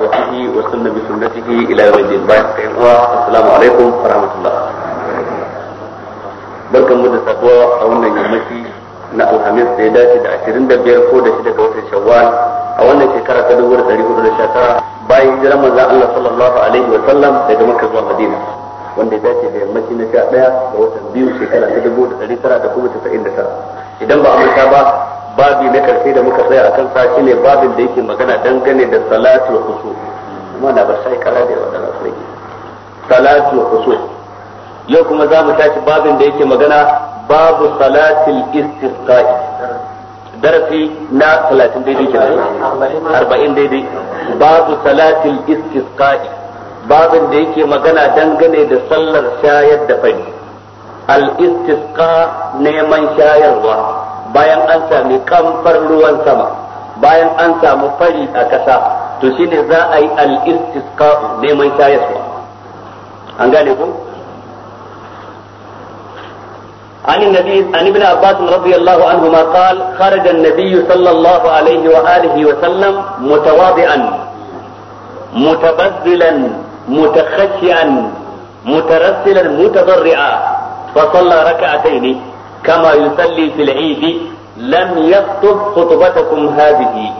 وصحبه وسن بسنته الى يوم الدين بارك السلام عليكم ورحمه الله barkan mu da sabuwa a wannan yammaci na alhamis da ya dace da 25 ko da 6 ga watan shawwal a wannan shekara ta 1419 bayan hijirar manzon Allah sallallahu alaihi wa sallam daga Makka zuwa Madina wanda ya dace da yammaci na 11 ga watan biyu shekara ta 1999 idan ba a ba babi na karshe da muka tsaya a kan sa shine babin da yake magana dangane da salatu wa kusur. kuma na ba sai kala da wadannan sai salatu wa kusur yau kuma za mu tashi babin da yake magana babu salatil istisqa'i darasi na 30 daidai kenan 40 daidai babu salatil istisqa'i babin da yake magana dangane da sallar shayar da fari al istisqa neman shayarwa bayan an sami kamfar ruwan sama bayan an samu fari a kasa to shine za a yi al-istisqa neman shayarwa an gane ko عن النبي عن ابن عباس رضي الله عنهما قال خرج النبي صلى الله عليه وآله وسلم متواضعا متبذلا متخشعا مترسلا متضرعا فصلى ركعتين كما يصلي في العيد لم يخطب خطبتكم هذه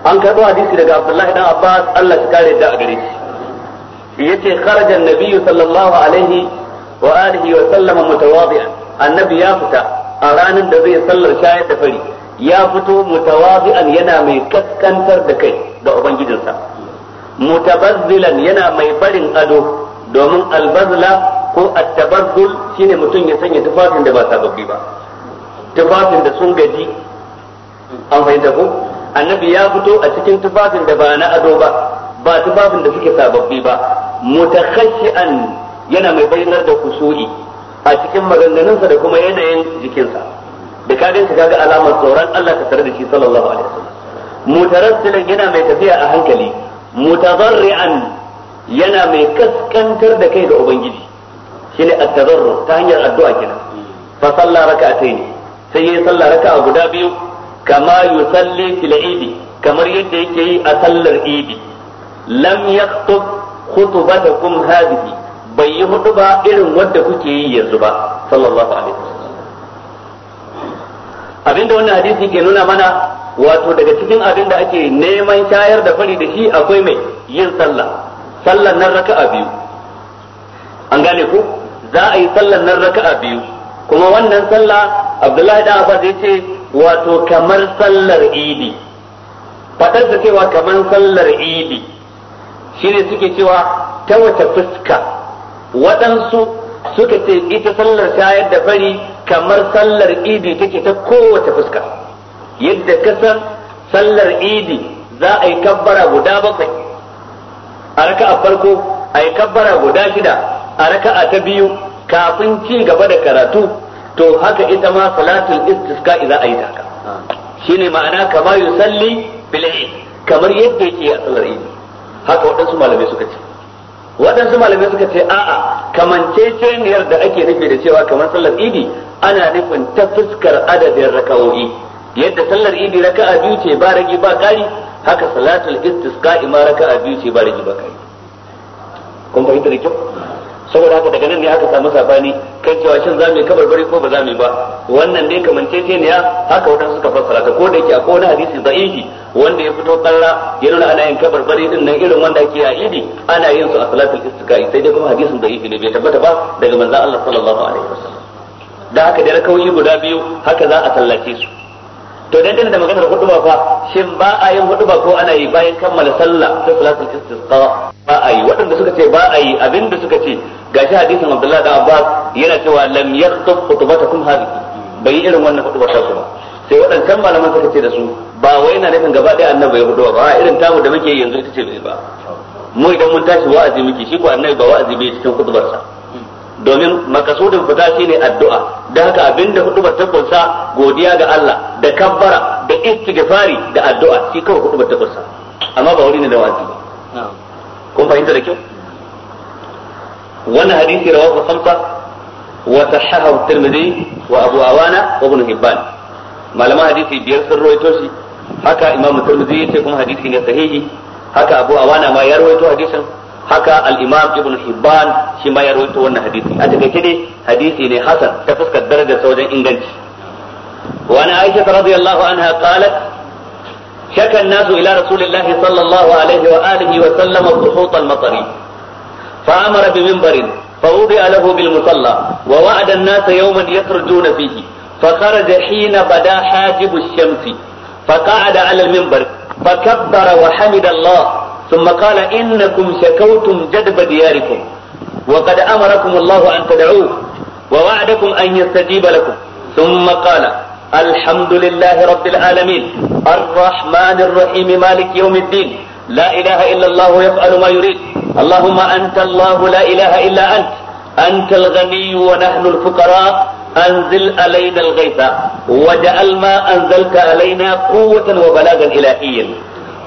an karɓo hadisi daga Abdullahi dan Abbas Allah shi kare da a gare shi yace kharaja an-nabiyyu sallallahu alaihi wa alihi wa sallama mutawadi'an annabi ya fita a ranar da zai sallar shayar da fari ya fito mutawadi'an yana mai kaskantar da kai ga ubangijinsa mutabazzilan yana mai barin ado domin albazla ko attabazzul shine mutum ya sanya tufafin da ba sababbi ba tufafin da sun gaji an fahimta ko annabi ya fito a cikin tufafin da ba na ado ba ba tufafin da suke sababbi ba mutakhashi'an yana mai bayyanar da kusuri a cikin maganganunsa da kuma yanayin jikinsa da kadin ka kaga alamar tsoron Allah ta tare da shi sallallahu alaihi wasallam mutarassilan yana mai tafiya a hankali mutazarri'an yana mai kaskantar da kai ga ubangiji shine ne ta hanyar addu'a kenan fa salla rak'atayn sai yayi salla raka'a guda biyu kama yusalli fil idi kamar yadda yake yi a sallar idi lam yaktub khutbatakum hadhihi bai yi hudu ba irin wadda kuke yi yanzu ba sallallahu alaihi wasallam abinda wannan hadisi ke nuna mana wato daga cikin abinda ake neman shayar da fari da shi akwai mai yin sallah sallan nan raka'a biyu an gane ku za a yi sallan nan raka'a biyu kuma wannan sallah abdullahi da abbas ya ce wato kamar sallar idi fadar da cewa kamar sallar idi shine suke cewa ta wata fuska waɗansu suka ce ita sallar ta da fari kamar sallar idi take ta kowace fuska yadda kasan sallar idi za a yi kabbara guda bakwai a raka'a farko ayi kabbara guda shida a raka'a ta biyu kafin ci gaba da karatu to haka ita ma salatul istisqa a ayi ta haka shine ma'ana kama yusalli bil kamar yadda yake a sallar idi haka waɗansu malamai suka ce waɗansu malamai suka ce a'a kamanceceniyar da ake nufi da cewa kamar sallar idi ana nufin ta fuskar adadin raka'o'i yadda sallar idi raka'a biyu ce ba ragi ba kari haka salatul istisqa ima raka'a biyu ce ba ragi ba kari kun fahimta da kyau saboda haka daga nan ne aka samu sabani kan cewa shin za mu yi kabarbari ko ba za mu yi ba wannan dai ya? haka wadansu suka fassara ta ko da yake akwai wani hadisi da'ifi wanda ya fito karra ya nuna ana yin kabarbari din nan irin wanda ake a idi ana yin su a salatul istiqa'i sai dai kuma hadisin da'ifi ne bai tabbata ba daga manzon Allah sallallahu alaihi wasallam da haka da rakawi guda biyu haka za a sallace su to dangane da maganar huduba fa shin ba a yin huduba ko ana yi bayan kammala sallah ta salatul istisqa ba a yi waɗanda suka ce ba a yi abinda suka ce gashi hadisin Abdullahi da Abbas yana cewa lam yakhutub khutbatakum hadhihi bai yi irin wannan huduba ta su ba sai waɗancan malaman suka ce da su ba wai na nufin gaba ɗaya annabi bai huduba ba irin tamu da muke yanzu ita ce bai ba mu idan mun tashi wa'azi muke shi ko annabi ba wa'azi bai cikin khutbarsa domin makasudin fita shine addu'a da haka abinda hudubar ta takwasa godiya ga Allah da kabbara da istighfari da addu'a shi kawai hudubar ta takwasa. amma ba wuri ne da wazi ba kun fahimta da kyau wannan hadisi rawahu samfa, wa sahahahu tirmidhi wa abu awana wa ibn hibban malaman hadisi biyar sun rawaito shi haka imam tirmidhi yace kuma hadisi ne sahihi haka abu awana ma ya rawaito hadisin haka al-imam ibn hibban shi ma ya rawaito wannan hadisi a take ne hadisi ne hasan ta fuskar darajar wajen inganci wa ana aisha radiyallahu anha qalat shaka an-nasu ila rasulillah sallallahu alaihi wa alihi wa sallam dhuhut al-matari fa amara bi minbarin fa wudi'a lahu bil musalla wa wa'ada an-nasa yawman yakhrujuna fihi فخرج حين بدا حاجب الشمس فقعد على المنبر فكبر وحمد الله ثم قال إنكم شكوتم جدب دياركم وقد أمركم الله أن تدعوه ووعدكم أن يستجيب لكم ثم قال الحمد لله رب العالمين الرحمن الرحيم مالك يوم الدين لا إله إلا الله يفعل ما يريد اللهم أنت الله لا إله إلا أنت أنت الغني ونحن الفقراء أنزل علينا الغيث وجعل ما أنزلت علينا قوة وبلاغا إلهيا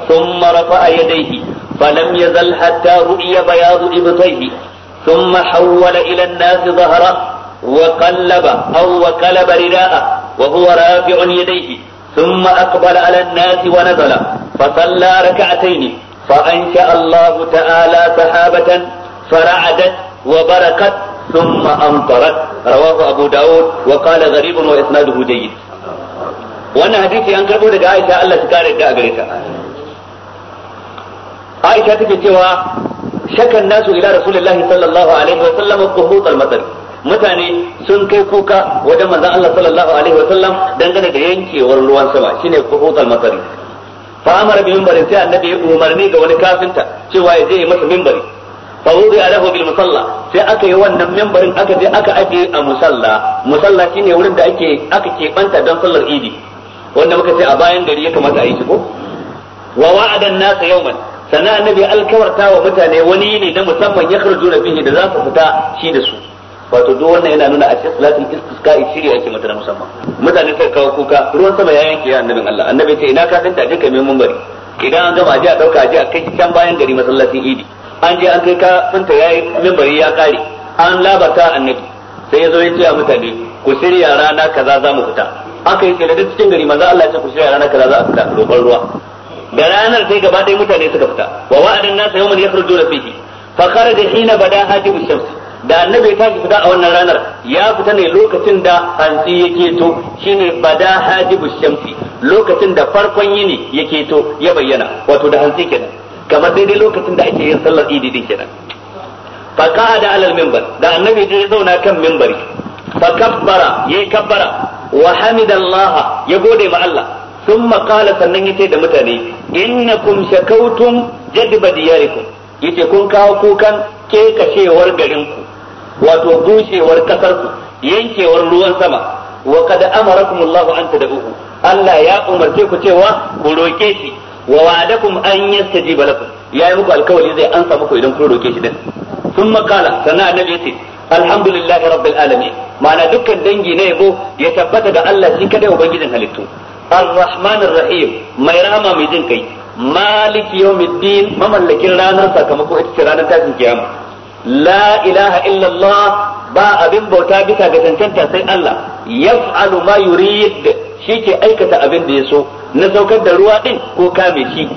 ثم رفع يديه فلم يزل حتى رؤي بياض إبطيه ثم حول إلى الناس ظهره وقلب أو وقلب رداءه وهو رافع يديه ثم أقبل على الناس ونزل فصلى ركعتين فأنشأ الله تعالى سحابة فرعدت وبركت ثم أمطرت رواه أبو داود وقال غريب وإسناده جيد وانا حديثي أنكره لك عائشة الله تكارك دا aisha take cewa shakan nasu ila rasulullahi sallallahu alaihi wa sallam dhuhut al-matar mutane sun kai kuka wajen manzon Allah sallallahu alaihi wa sallam dangane da yankewar ruwan sama shine dhuhut al-matar fa amara bi minbari sai annabi ya umarni ga wani kafinta cewa ya je ya masa minbari fa wudi alahu bil musalla sai aka yi wannan minbarin aka je aka aje a musalla musalla shine wurin da ake aka keɓanta don sallar idi wanda muka ce a bayan gari ya kamata a yi shi ko wa wa'ada an-nas yawman sannan annabi alkawarta wa mutane wani ne na musamman ya karju na bihi da za su fita shi da su wato duk wannan yana nuna a cikin salatin istisqa'i shirya ake mata na musamman mutane suka kawo kuka ruwan sama ya yanke ya annabin Allah annabi ce ina ka tanta duka mai munbari idan an gama aje a dauka aje a kai can bayan gari masallacin idi an je an kai ka tanta yayi mimbari ya kare an labata annabi sai ya zo ya ce a mutane ku shirya rana kaza za mu fita aka yi tsere cikin gari maza Allah ya ce ku shirya rana kaza za a fita roƙon ruwa ga ranar sai gaba ɗaya mutane suka fita wa wa'adan nasu yakhruju la fihi fa kharaja hina bada hajib shams da annabi ya tafi fita a wannan ranar ya fita ne lokacin da hantsi yake to shine bada hajib shamsi lokacin da farkon yini yake to ya bayyana wato da hantsi kenan kamar daidai lokacin da ake yin sallar idi din kenan fa qa'ada ala al-minbar da annabi ya zauna kan minbari fa kabbara yayi kabbara wa hamidallaha ya gode ma Allah sun makala sannan yace da mutane inna shakautum jadba diyarikum yace kun kawo kukan garin garinku wato bushewar ku. yankewar ruwan sama wa qad amarakum Allahu an tad'uhu Allah ya umarce ku cewa ku roke shi wa wa'adakum an yastajiba lakum yayi muku alkawari zai ansa muku idan ku roke shi din sun maƙala sannan annabi yace alhamdulillahi rabbil alamin ma'ana dukkan dangi na yabo ya tabbata ga Allah shi kadai ubangijin halittu ar rahim mai rahma mai jin kai malik yawmiddin mamallakin ranar sakamako ita ce ranar tashin kiyama la ilaha illallah ba abin bauta bisa ga tantanta sai Allah yaf'alu ma yurid ke aikata abin da ya so na saukar da ruwa ɗin ko kame shi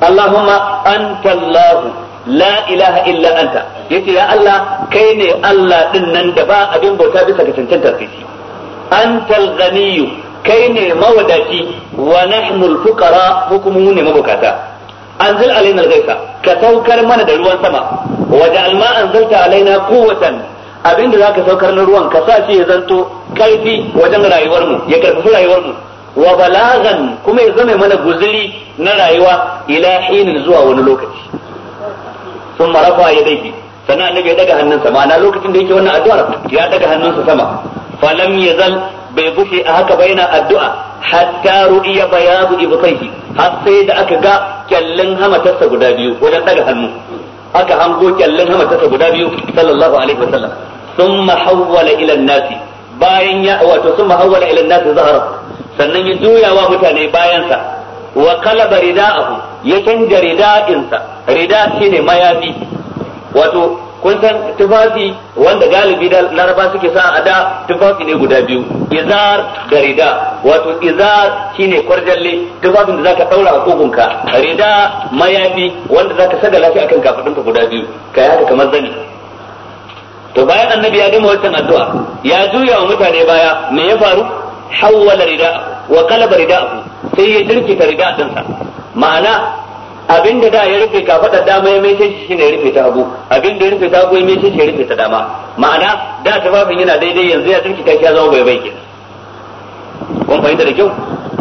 Allahumma anta la ilaha illa anta yace ya Allah kai ne Allah din nan da ba abin bauta bisa ga cancantar kai antal ghaniyyu kai ne mawadaci wa nahnu al-fuqara hukumu ne mabukata anzil alaina al ka saukar mana da ruwan sama wa ja'al ma anzalta alaina quwwatan abinda zaka saukar na ruwan ka sa shi ya zanto karfi wajen rayuwar mu ya karfafi rayuwar mu wa balagan kuma ya zama mana guzuri na rayuwa ila hinin zuwa wani lokaci sun marafa ya daidai. sannan annabi ya daga hannunsa ma'ana lokacin da yake wannan addu'ar ya daga hannunsa sama falam yazal bai bushe a haka ba yana addu'a hatta ru'iya bayadu ibtayhi har sai da aka ga kyallin hamatarsa guda biyu wajen daga hannu aka hango kyallin hamatarsa guda biyu sallallahu alaihi wasallam thumma hawwala ila an-nasi bayan ya wato thumma hawwala ila an-nasi zahara sannan ya wa mutane bayansa wa qalaba rida'ahu ya canja rida'insa rida shine mayafi wato kun san tufafi wanda galibi da laraba suke sa a da tufafi ne guda biyu izar da rida wato izar shine kwarjalle tufafin da zaka daura a kogunka rida mayafi wanda zaka saka lafi akan kafadunka guda biyu kai haka kamar zani to bayan annabi ya gama wannan addu'a ya juya wa mutane baya me ya faru hawwala rida wa qalaba rida sai ya jirkita rida dinsa ma'ana abin da da ya rufe kafaɗar dama ya mai shi shine ya rufe ta hagu abin da ya rufe ta hagu ya mai shi ya rufe ta dama ma'ana da tufafin yana daidai yanzu ya turki kashi ya zama bai bai kin kun fahimta da kyau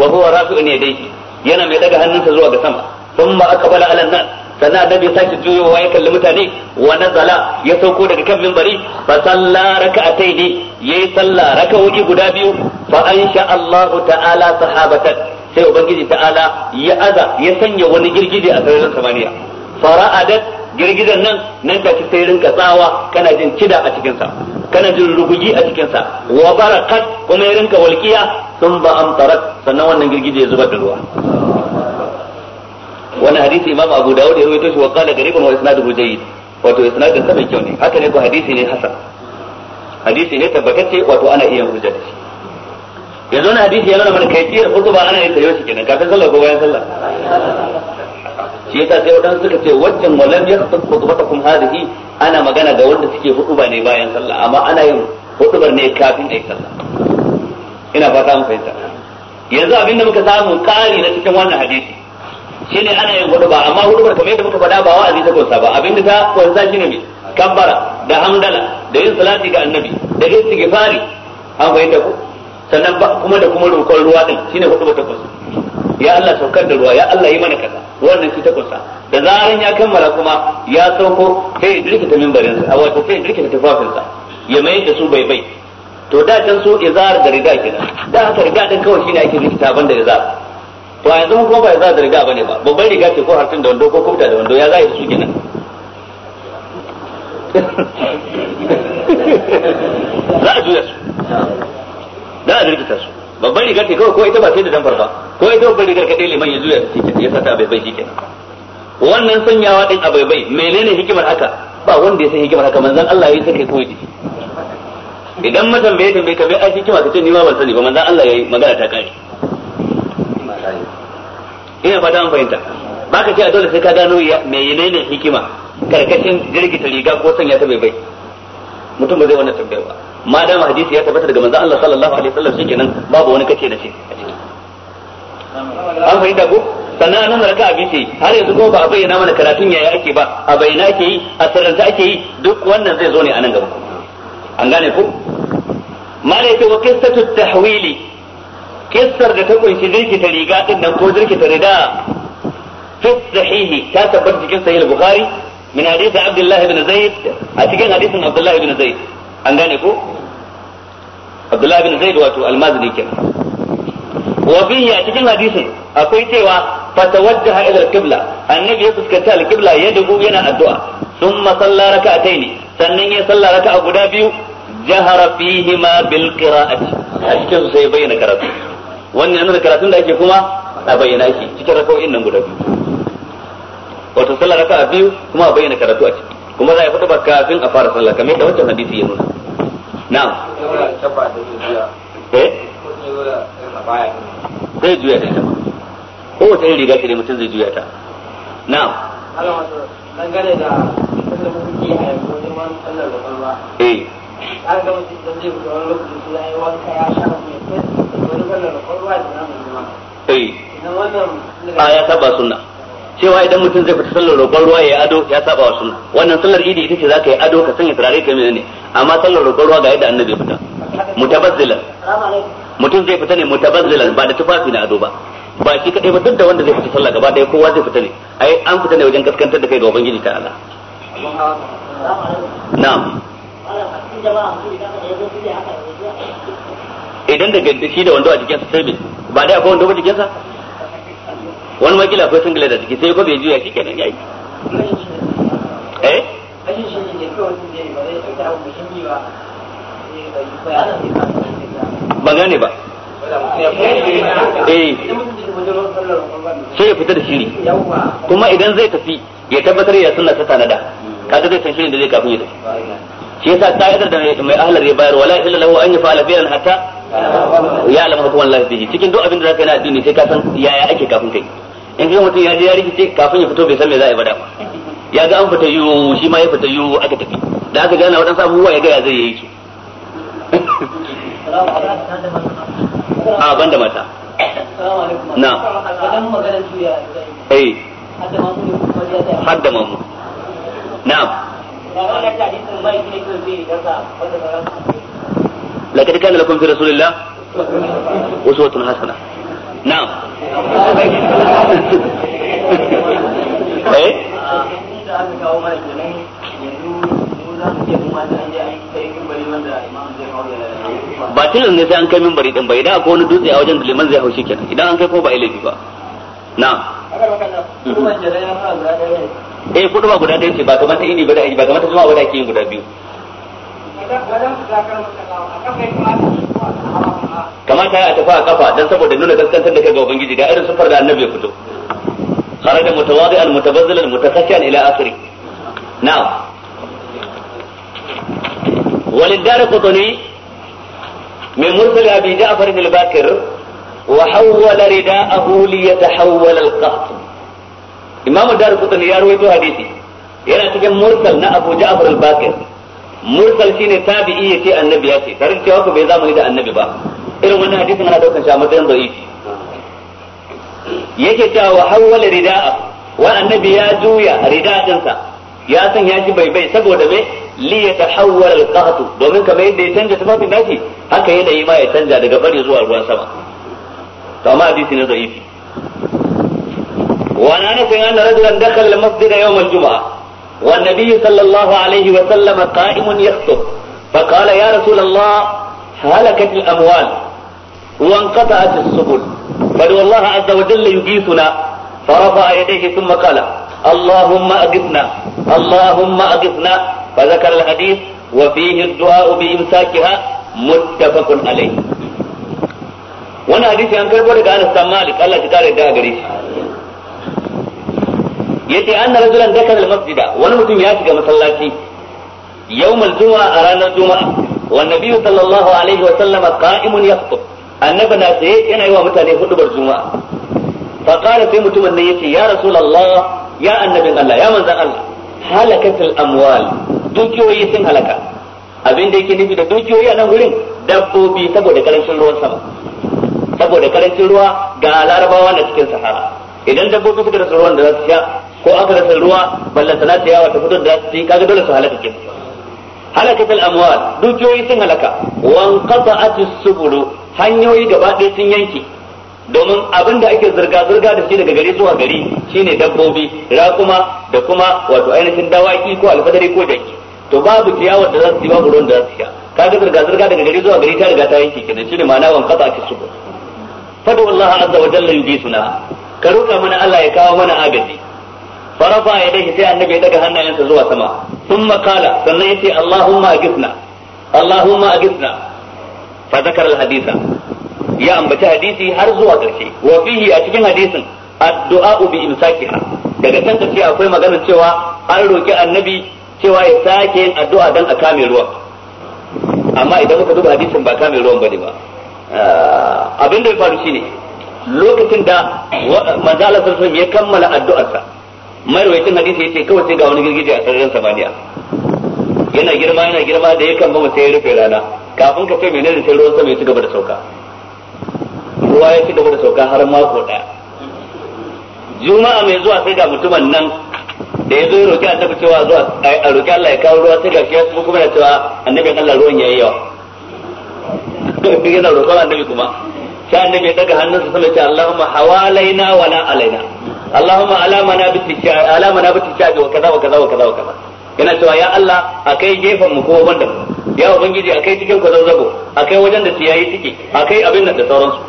wa huwa rafi'un yadayhi yana mai daga hannunsa zuwa ga sama thumma aqbala 'ala an-nas sannan annabi ya sake juyowa ya kalli mutane wa nazala ya sauko daga kan minbari fa ka raka'ataini yayi sallah raka'o'i guda biyu fa ansha Allahu ta'ala sahabatan sai ubangiji ta'ala ya aza ya sanya wani girgije a sararin samaniya fara'adat girgijen nan nan take sai rinka tsawa kana jin kida a cikin sa kana jin rugugi a cikin sa wa barakat kuma ya rinka walqiya sun ba amtarat sannan wannan girgije ya zubar da ruwa wannan hadisi imam abu dawud ya rawaito shi wa qala gariban wa isnaduhu jayyid wato isnadin sa mai kyau ne haka ne ko hadisi ne hasan hadisi ne tabbatacce wato ana iya hujja da shi yanzu na hadisi yana mana kai kiyar hudu ba ana yin sayo shi kenan kafin sallah ko bayan sallah shi yasa sai wadan suka ce waccan walam yakhtab khutbatakum hadisi ana magana ga wanda suke hutuba ne bayan sallah amma ana yin hutubar ne kafin ayi sallah ina fata mun fahimta yanzu abinda muka samu kari na cikin wannan hadisi ne ana yin ba amma hutubar kamar yadda muka faɗa ba wa'azi ta kunsa ba abinda ta kunsa shine me kabbara da hamdala da yin salati ga annabi da yin istighfari an fahimta ko sannan kuma da kuma rokon ruwa din shine hudu ba takwas ya Allah saukar da ruwa ya Allah yi mana kaza wannan shi takwas da zaran ya kammala kuma ya sauko sai ya dirkita minbarin sa wato sai ya dirkita tufafin sa ya mai da su bai bai to da can so zara da riga kenan da haka riga din kawai shine ake dirkita banda riga to yanzu kuma ba ya zara da riga bane ba babban riga ce ko harfin da wando ko kubda da wando ya zai su kenan za a juya su za a rikita su babban rigar ke kawai ko ita ba sai da damfar ba ko ita babban rigar kaɗai liman ya juya ya sata bai bai shikenan wannan sanyawa ɗin a bai menene hikimar haka ba wanda ya san hikimar haka manzan Allah ya sake koyi idan bai tambaye ka bai ai hikima ka ce ni ma ban sani ba manzan Allah ya yi magana ta kare ina fata an fahimta ba ka ce a dole sai ka gano mai ne hikima karkashin jirgita riga ko sanya ta bai bai mutum ba zai wannan tambayar ba ma dama hadisi ya tabbatar daga manzon Allah sallallahu alaihi wasallam kenan babu wani kace da shi an fahimta ko sannan nan raka abin ce har yanzu ko ba a bayyana mana karatun yaya ake ba a bayyana ake yi a sarranta ake yi duk wannan zai zo ne a nan gaba an gane ko malai ta wa qissatu tahwili kissar da ta kunshi ta riga din nan ko ta rida fi sahihi ta tabbata cikin sahih bukhari min hadith abdullah ibn a cikin hadisin abdullah ibn zaid an gane ko abdullah ibn zaid wato almazini kenan wa fihi a cikin hadisin akwai cewa fatawajjaha ila al-qibla annabi ya fuskanta al-qibla ya dubu yana addu'a thumma salla rak'ataini sannan ya salla raka'a guda biyu jahara fihima bil qira'ati a cikin sai bayyana karatu wannan da ake kuma a bayyana shi cikin nan guda biyu wato sallah raka'a biyu kuma a bayyana karatu a ciki kuma za a fito ba kafin a fara sallah kamar yadda wancan hadisi ya nuna na'am eh? zai juya ta ita ko wata irin riga ce mutum zai juya ta na'am dangane da da eh zai wani yi mai wani da da namun eh wannan ah, ya cewa idan mutum zai fita sallar roƙon ruwa ya ado ya saba wa suna wannan sallar idi ita ce za ka yi ado ka sanya turare ka ne amma sallar roƙon ruwa ga yadda annabi fita mutabazzilan mutum zai fita ne mutabazzilan ba da tufafi na ado ba ba shi kadai ba duk da wanda zai fita sallar gaba ɗaya kowa zai fita ne ai an fita ne wajen kaskantar da kai ga ubangiji ta Allah na'am idan da gaddashi da wando a jikinsa sai ba dai akwai wando ba jikinsa wani makila akwai sun da ciki sai ko bai juya shi kenan yayi eh ba gane ba eh sai ya fita da shiri kuma idan zai tafi ya tabbatar ya sunna ta tanada kaga zai san shirin da zai kafin ya tafi shi yasa ka'idar da mai ahlar ya bayar wala illa lahu an yafa'ala bi'an hatta ya alama hukuman lafiya cikin duk abin da zaka yi na addini sai ka san yaya ake kafin kai in ga mutum ya ya rikice kafin ya fito bai san me za a yi ba da ya ga an fita yiwu shi ma ya fita yiwu aka tafi da aka gana waɗansu abubuwa ya ga ya zai yi su a ah, da mata na eh hadda mamu na'am لقد كان لكم في رسول الله أسوة حسنة na'am eh? ba ne sai an kai mimbari din ba idan akwai wani dutse a wajen da liman zai shi kenan idan an kai ko ba ilimi ba na eh kudu ba guda ɗaya ce ba kamata ini ba da ba kamata kuma wadaki yin guda biyu kamata a tafi a kafa dan saboda nuna gaskantar da kai ga ubangiji ga irin sufar da annabi ya fito kharaja mutawadi'an mutabazzilan mutakashian ila akhiri na'am وللدار قطني من مرسل أبي جعفر الباكر وحول رداءه ليتحول القهط إمام الدار قطني يروي حديثي yana cikin mursal na Abu Ja'far al-Bakir mursal shine tabi'i ya ce annabi ya ce tare cewa ku bai zamani da annabi ba irin wannan hadisin ana daukan shi a matsayin da'ifi yake cewa wa hawwala rida'a wa annabi ya juya rida'a dinsa ya san ya ji bai bai saboda me li ya tahawwala al-qahtu domin kamar yadda ya canja tafafi naki haka yana yi ma ya canja daga bari zuwa ruwan sama to amma hadisi ne da'ifi wa ana san anna rajulan dakhala al yawm al-jum'ah والنبي صلى الله عليه وسلم قائم يخطب فقال يا رسول الله هلكت الأموال وانقطعت السبل بل والله عز وجل يجيثنا فرفع يديه ثم قال اللهم أغثنا اللهم أغثنا فذكر الحديث وفيه الدعاء بإمساكها متفق عليه وانا حديث عن كربو لك أنس مالك الله تكاري دا yace anna rajulan dakala masjida wani mutum ya shiga masallaci yawmal juma'a a ranar juma'a wa nabiyyu sallallahu alaihi wa sallam qa'imun yakhutub annabi na tsaye yana yi wa mutane hudubar juma'a fa qala sai mutumin nan yace ya rasulullah ya annabin Allah ya manza Allah halakatul amwal dukiyoyi sun halaka abin da yake nufi da dukiyoyi a nan gurin dabbobi saboda karancin ruwan sama saboda karancin ruwa ga larabawa na cikin sahara idan dabbobi suka rasa ruwan da za su sha ko aka rasa ruwa balla ciyawa ta yawa ta fitar da su kaga dole su halaka ke halaka al-amwal dukiyoyi sun halaka wan qata'at as-subul hanyoyi gaba ɗaya sun yanke domin abin da ake zirga zirga da shi daga gari zuwa gari shine dabbobi raƙuma da kuma wato ainihin dawaki ko alfadari ko jaki to babu ciyawar da za su yi babu ruwan da za su sha kaga zirga zirga daga gari zuwa gari ta riga ta yanke kenan shine ma'ana wan qata'at as-subul fadu wallahi azza wa jalla yujisuna ka roƙa mana Allah ya kawo mana agaji farafa ya dai sai annabi ya daga hannayensa zuwa sama thumma qala sannan yace allahumma aghithna allahumma aghithna fa zakara alhadisa ya ambaci hadisi har zuwa ƙarshe wa fihi a cikin hadisin addu'a bi imsakiha daga can ƙarshe akwai magana cewa an roki annabi cewa ya sake yin addu'a dan a kame ruwan amma idan muka duba hadisin ba kame ruwan bane ba ah, abin da ya faru ne lokacin da manzo Allah sallallahu ya kammala addu'arsa marwayacin hadisi yace kawai sai ga wani girgije a sararin samaniya yana girma yana girma da yakan ba sai ya rufe rana kafin ka ce menene sai ruwan sama ya ci gaba da sauka ruwa ya ci gaba da sauka har mako daya juma'a mai zuwa sai ga mutumin nan da ya zo ya roki annabi cewa zuwa a roki Allah ya kawo ruwa sai ga kiyas kuma yana cewa annabi Allah ruwan yayi yawa yana roƙon annabi kuma sai annabi ya daga hannunsa sama ya ce Allahumma hawalaina wala alaina Allahumma ala manabiti ala manabiti shabi wa kaza wa kaza wa kaza wa kaza yana cewa ya Allah akai gefen mu ko wanda ya ubangiji akai cikin ku zazzabo akai wajen da tiyayi suke akai abin nan da sauransu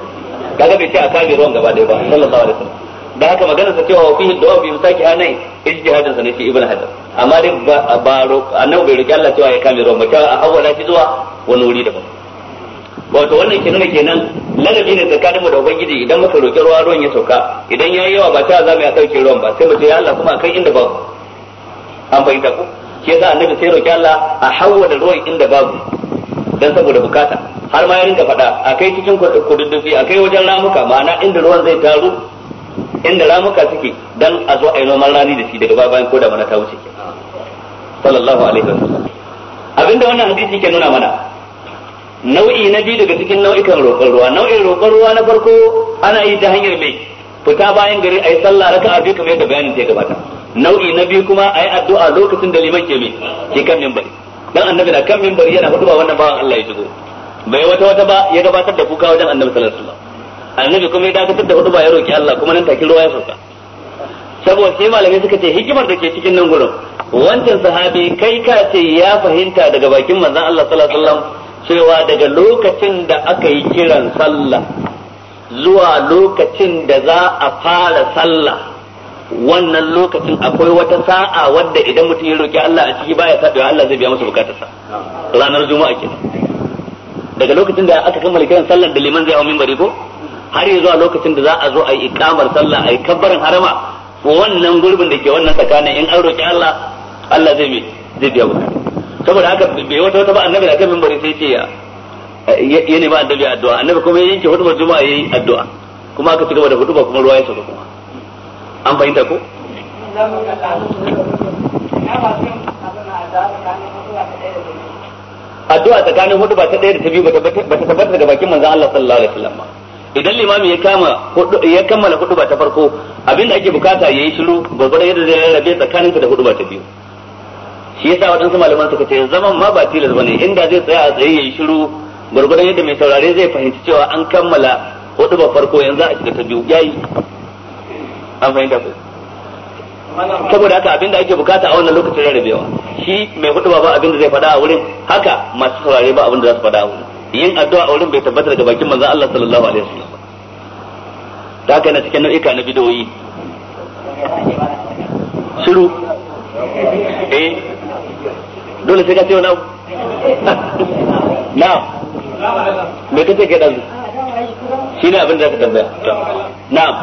kaga bai ce a kage ruwan gaba ɗaya ba sallallahu alaihi wasallam da haka magana sa cewa fi du'a bi musaki anai ijtihadin sa ne shi ibnu hajar amma dai ba annabi bai roki Allah cewa ya kame ruwan ba ta awwala shi zuwa wani wuri daban wato wannan ke nuna kenan ladabi ne tsakaninmu da ubangiji idan muka roki ruwa ruwan ya sauka idan yayi yawa ba ta za mu ya dauke ruwan ba sai mu ce ya Allah kuma akan inda babu an fahimta ku za a annabi sai roki Allah a da ruwan inda babu dan saboda bukata har ma ya rinka faɗa a kai cikin kududdufi a kai wajen ramuka ma'ana inda ruwan zai taru inda ramuka suke dan a zo a yi noman rani da shi daga baya bayan koda mana ta wuce sallallahu alaihi wasallam abinda wannan hadisi ke nuna mana nau'i na biyu daga cikin nau'ikan roƙon ruwa nau'in roƙon ruwa na farko ana yi ta hanyar mai fita bayan gari ayi sallah a biyu kamar yadda bayanin ta gabata nau'i na biyu kuma ayi addu'a lokacin da liman ke mai ke kan minbari dan annabi na kan minbari yana hudu ba wannan bawan Allah ya shigo bai wata wata ba ya gabatar da kuka wajen annabi sallallahu alaihi wasallam annabi kuma ya dakatar da hudu ba ya roki Allah kuma nan take ruwa ya sauka saboda sai malamai suka ce hikimar da ke cikin nan gurin wancan sahabi kai ka ce ya fahimta daga bakin manzon Allah sallallahu alaihi wasallam cewa daga lokacin da aka yi kiran sallah zuwa lokacin da za a fara sallah wannan lokacin akwai wata sa'a wadda idan mutum ya roki Allah a ciki baya sabewa Allah zai biya masa bukatarsa ranar juma'a kenan daga lokacin da aka kammala kiran sallah da liman zai hau minbari ko har ya zuwa lokacin da za a zo a yi ikamar sallah a yi kabbarin harama wannan gurbin da ke wannan tsakanin in an roki Allah Allah zai zai biya bukatarsa saboda haka bai wata wata ba annabi da kan minbari sai ce ya ya ba annabi addu'a annabi kuma ya yanke hutubar juma'a yayi addu'a kuma aka cigaba da hutuba kuma ruwa ya sauka kuma an fahimta ko addu'a tsakanin hudu ba ta ɗaya da ta biyu ba ta tabbata daga bakin manzon Allah sallallahu alaihi wasallam ba idan limami ya kama ya kammala hutuba ba ta farko abinda ake bukata yayi shiru gobe yadda zai rarrabe tsakaninka da hutuba ta biyu shi yasa waɗansu malaman suka ce zaman ma ba tilas bane inda zai tsaya a tsaye yayi shiru gurgurdan yadda mai saurare zai fahimci cewa an kammala hudu ba farko yanzu a shiga ta biyu yayi an fahimta ko saboda haka abinda ake bukata a wannan lokacin rarrabewa shi mai hudu ba abinda zai faɗa a wurin haka masu saurare ba abinda za su faɗa a wurin yin addu'a a wurin bai tabbata daga bakin manzon Allah sallallahu alaihi wasallam da haka na cikin nau'ika na bidoyi shiru eh dole sai ka ce wani abu na'am me kace ke shi ne abin da ka tambaya na'am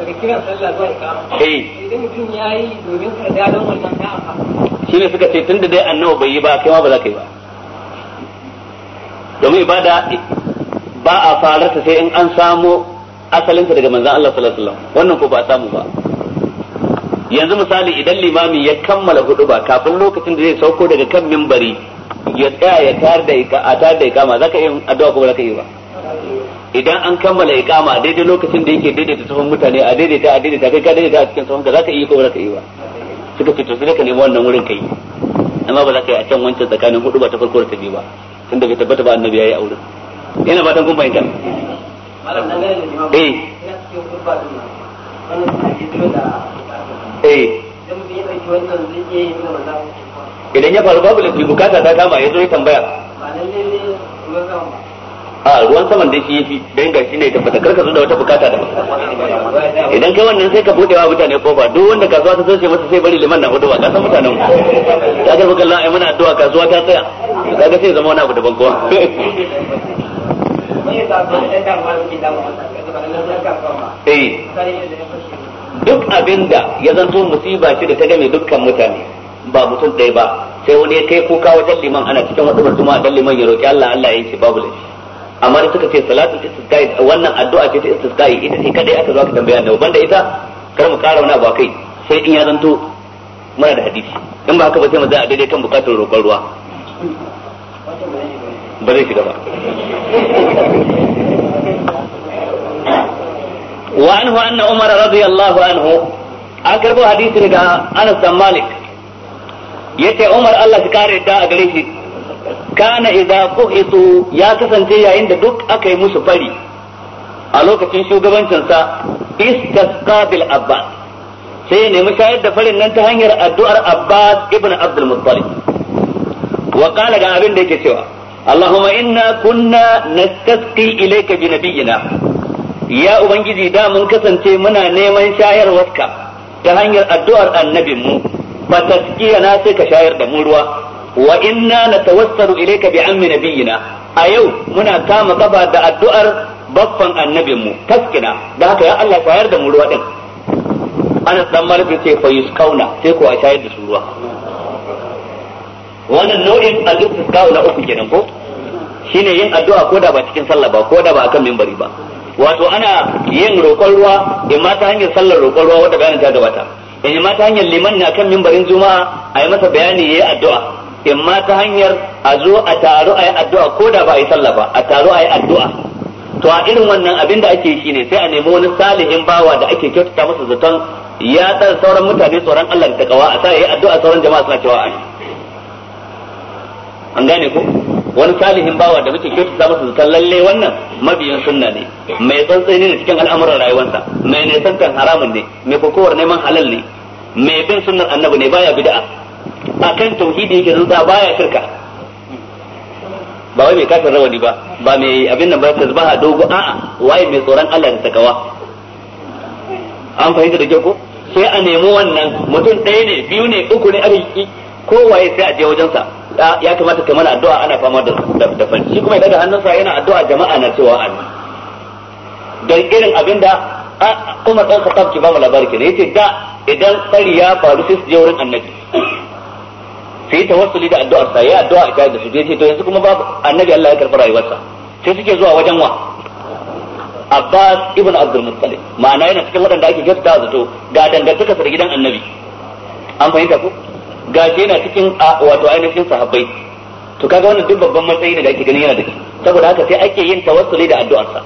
daga idan mutum ya yi domin karda don wannan ya amfana shine suka ce tun da dai annawa bai yi ba kai ma ba za ka yi ba domin ibada ba a fararta sai in an samo asalinta daga manzan Allah sallallahu alaihi wasallam wannan ko ba a samu ba yanzu misali idan limamin ya kammala hudu ba kafin lokacin da zai sauko daga kan mimbari ya tsaya ya tayar da a tayar da ikama zaka yin addu'a ko zaka yi ba idan an kammala ikama daidai lokacin da yake daidaita tsohon mutane a daidaita a daidaita kai ka daidaita a cikin tsohon ka zaka yi ko zaka yi ba suka ce to sai ka nemi wannan wurin kai amma ba zaka ka yi a can wancan tsakanin hudu ba ta farko da ta biyu ba tunda bai tabbata ba annabi yayi aure ina fatan kun fahimta eh eh idan ya faru babu lafi bukata ta kama ya zo ya tambaya a ruwan saman da shi yafi dan gashi ne tabbata karka zo da wata bukata da idan kai wannan sai ka bude wa mutane kofa duk wanda kasuwa ta sace masa sai bari liman na hudu ka san mutanen mu ta ga baka Allah ai addu'a kasuwa ta tsaya ga sai zama wani abu daban kowa eh duk abin da ya zanto musiba ce da ta game dukkan mutane ba mutum ɗaya ba sai wani ya kai kuka wajen liman ana cikin wata bartuma a liman ya roƙi Allah Allah ya yi babu shi amma da suka ce salatul istisqa'i wannan addu'a ce ta istisqa'i ita ce kadai aka zo aka tambaya da banda ita kar mu kara wani abu kai sai in ya zanto muna da hadisi in ba haka ba sai mu za a daidai kan bukatar roƙon ruwa ba zai shiga ba wa anhu anna umar radiyallahu anhu an karbo hadisi daga Anas bin Malik yace Umar Allah ya kare ta a gare shi kana idza quhitu ya kasance yayin da duk aka yi musu fari a lokacin shugabancin sa istasqa bil Abbas sai ne mu shayar da farin nan ta hanyar addu'ar Abbas ibn Abdul Muttalib wa qala ga abin da yake cewa Allahumma inna kunna nastasqi ilayka bi nabiyyina ya ubangiji da mun kasance muna neman shayar waska. ta hanyar addu'ar annabin mu. Ba fa na sai ka shayar da mu ruwa wa inna natawassalu ilayka bi ammi nabiyina a yau muna kama kafa da addu'ar baffan mu, taskina da haka ya Allah shayar da mu ruwa din Ana dan Malik ce fa kauna sai ko a shayar da su ruwa wannan nau'in al-istisqa na uku kenan ko shine yin addu'a ko da ba cikin sallah ba ko da ba akan minbari ba wato ana yin roƙon ruwa in ma ta hanyar sallar roƙon ruwa wata bayanin ta gabata in ma ta hanyar liman na kan mimbarin juma'a a yi masa bayani ya yi addu'a in ma ta hanyar a zo a taro a yi addu'a ko da ba a yi sallah ba a taro a yi addu'a to a irin wannan abin da ake shi ne sai a nemi wani salihin bawa da ake kyautata masa zaton ya tsara sauran mutane tsoron Allah da takawa a sa ya yi addu'a sauran jama'a suna cewa an an gane ko wani salihin bawa da muke kyautata masa zaton lalle wannan mabiyin sunna ne mai tsantsani ne cikin al'amuran rayuwarsa mai nisantan haramun ne mai kokowar neman halal ne mai bin sunnar annabi ne baya bid'a akan tauhidi yake zuwa baya shirka ba wai mai kafin rawani ba ba mai abin nan ba ta zuba dogo a'a waye mai tsoron Allah da takawa an fahimta da kyau ko sai a nemi wannan mutum ɗaya ne biyu ne uku ne aka yi kowaye sai a je wajensa ya kamata kai mana addu'a ana fama da da fanci shi kuma ya daga hannunsa yana addu'a jama'a na cewa amin dan irin abinda Umar dan Khattab ki ba mu labari kenan yace da idan tsari ya faru sai su je wurin annabi sai ta wasuli da addu'ar sa ya addu'a ita da su je to yanzu kuma babu annabi Allah ya karɓi rayuwarsa sai suke zuwa wajen wa Abbas ibn Abdul Muttalib ma'ana yana cikin waɗanda ake gaskata zato ga dangantakarsa da gidan annabi an fahimta ko gashi yana cikin wato ainihin sahabbai to kaga wannan duk babban matsayi ne da ake ganin yana da saboda haka sai ake yin tawassuli da addu'arsa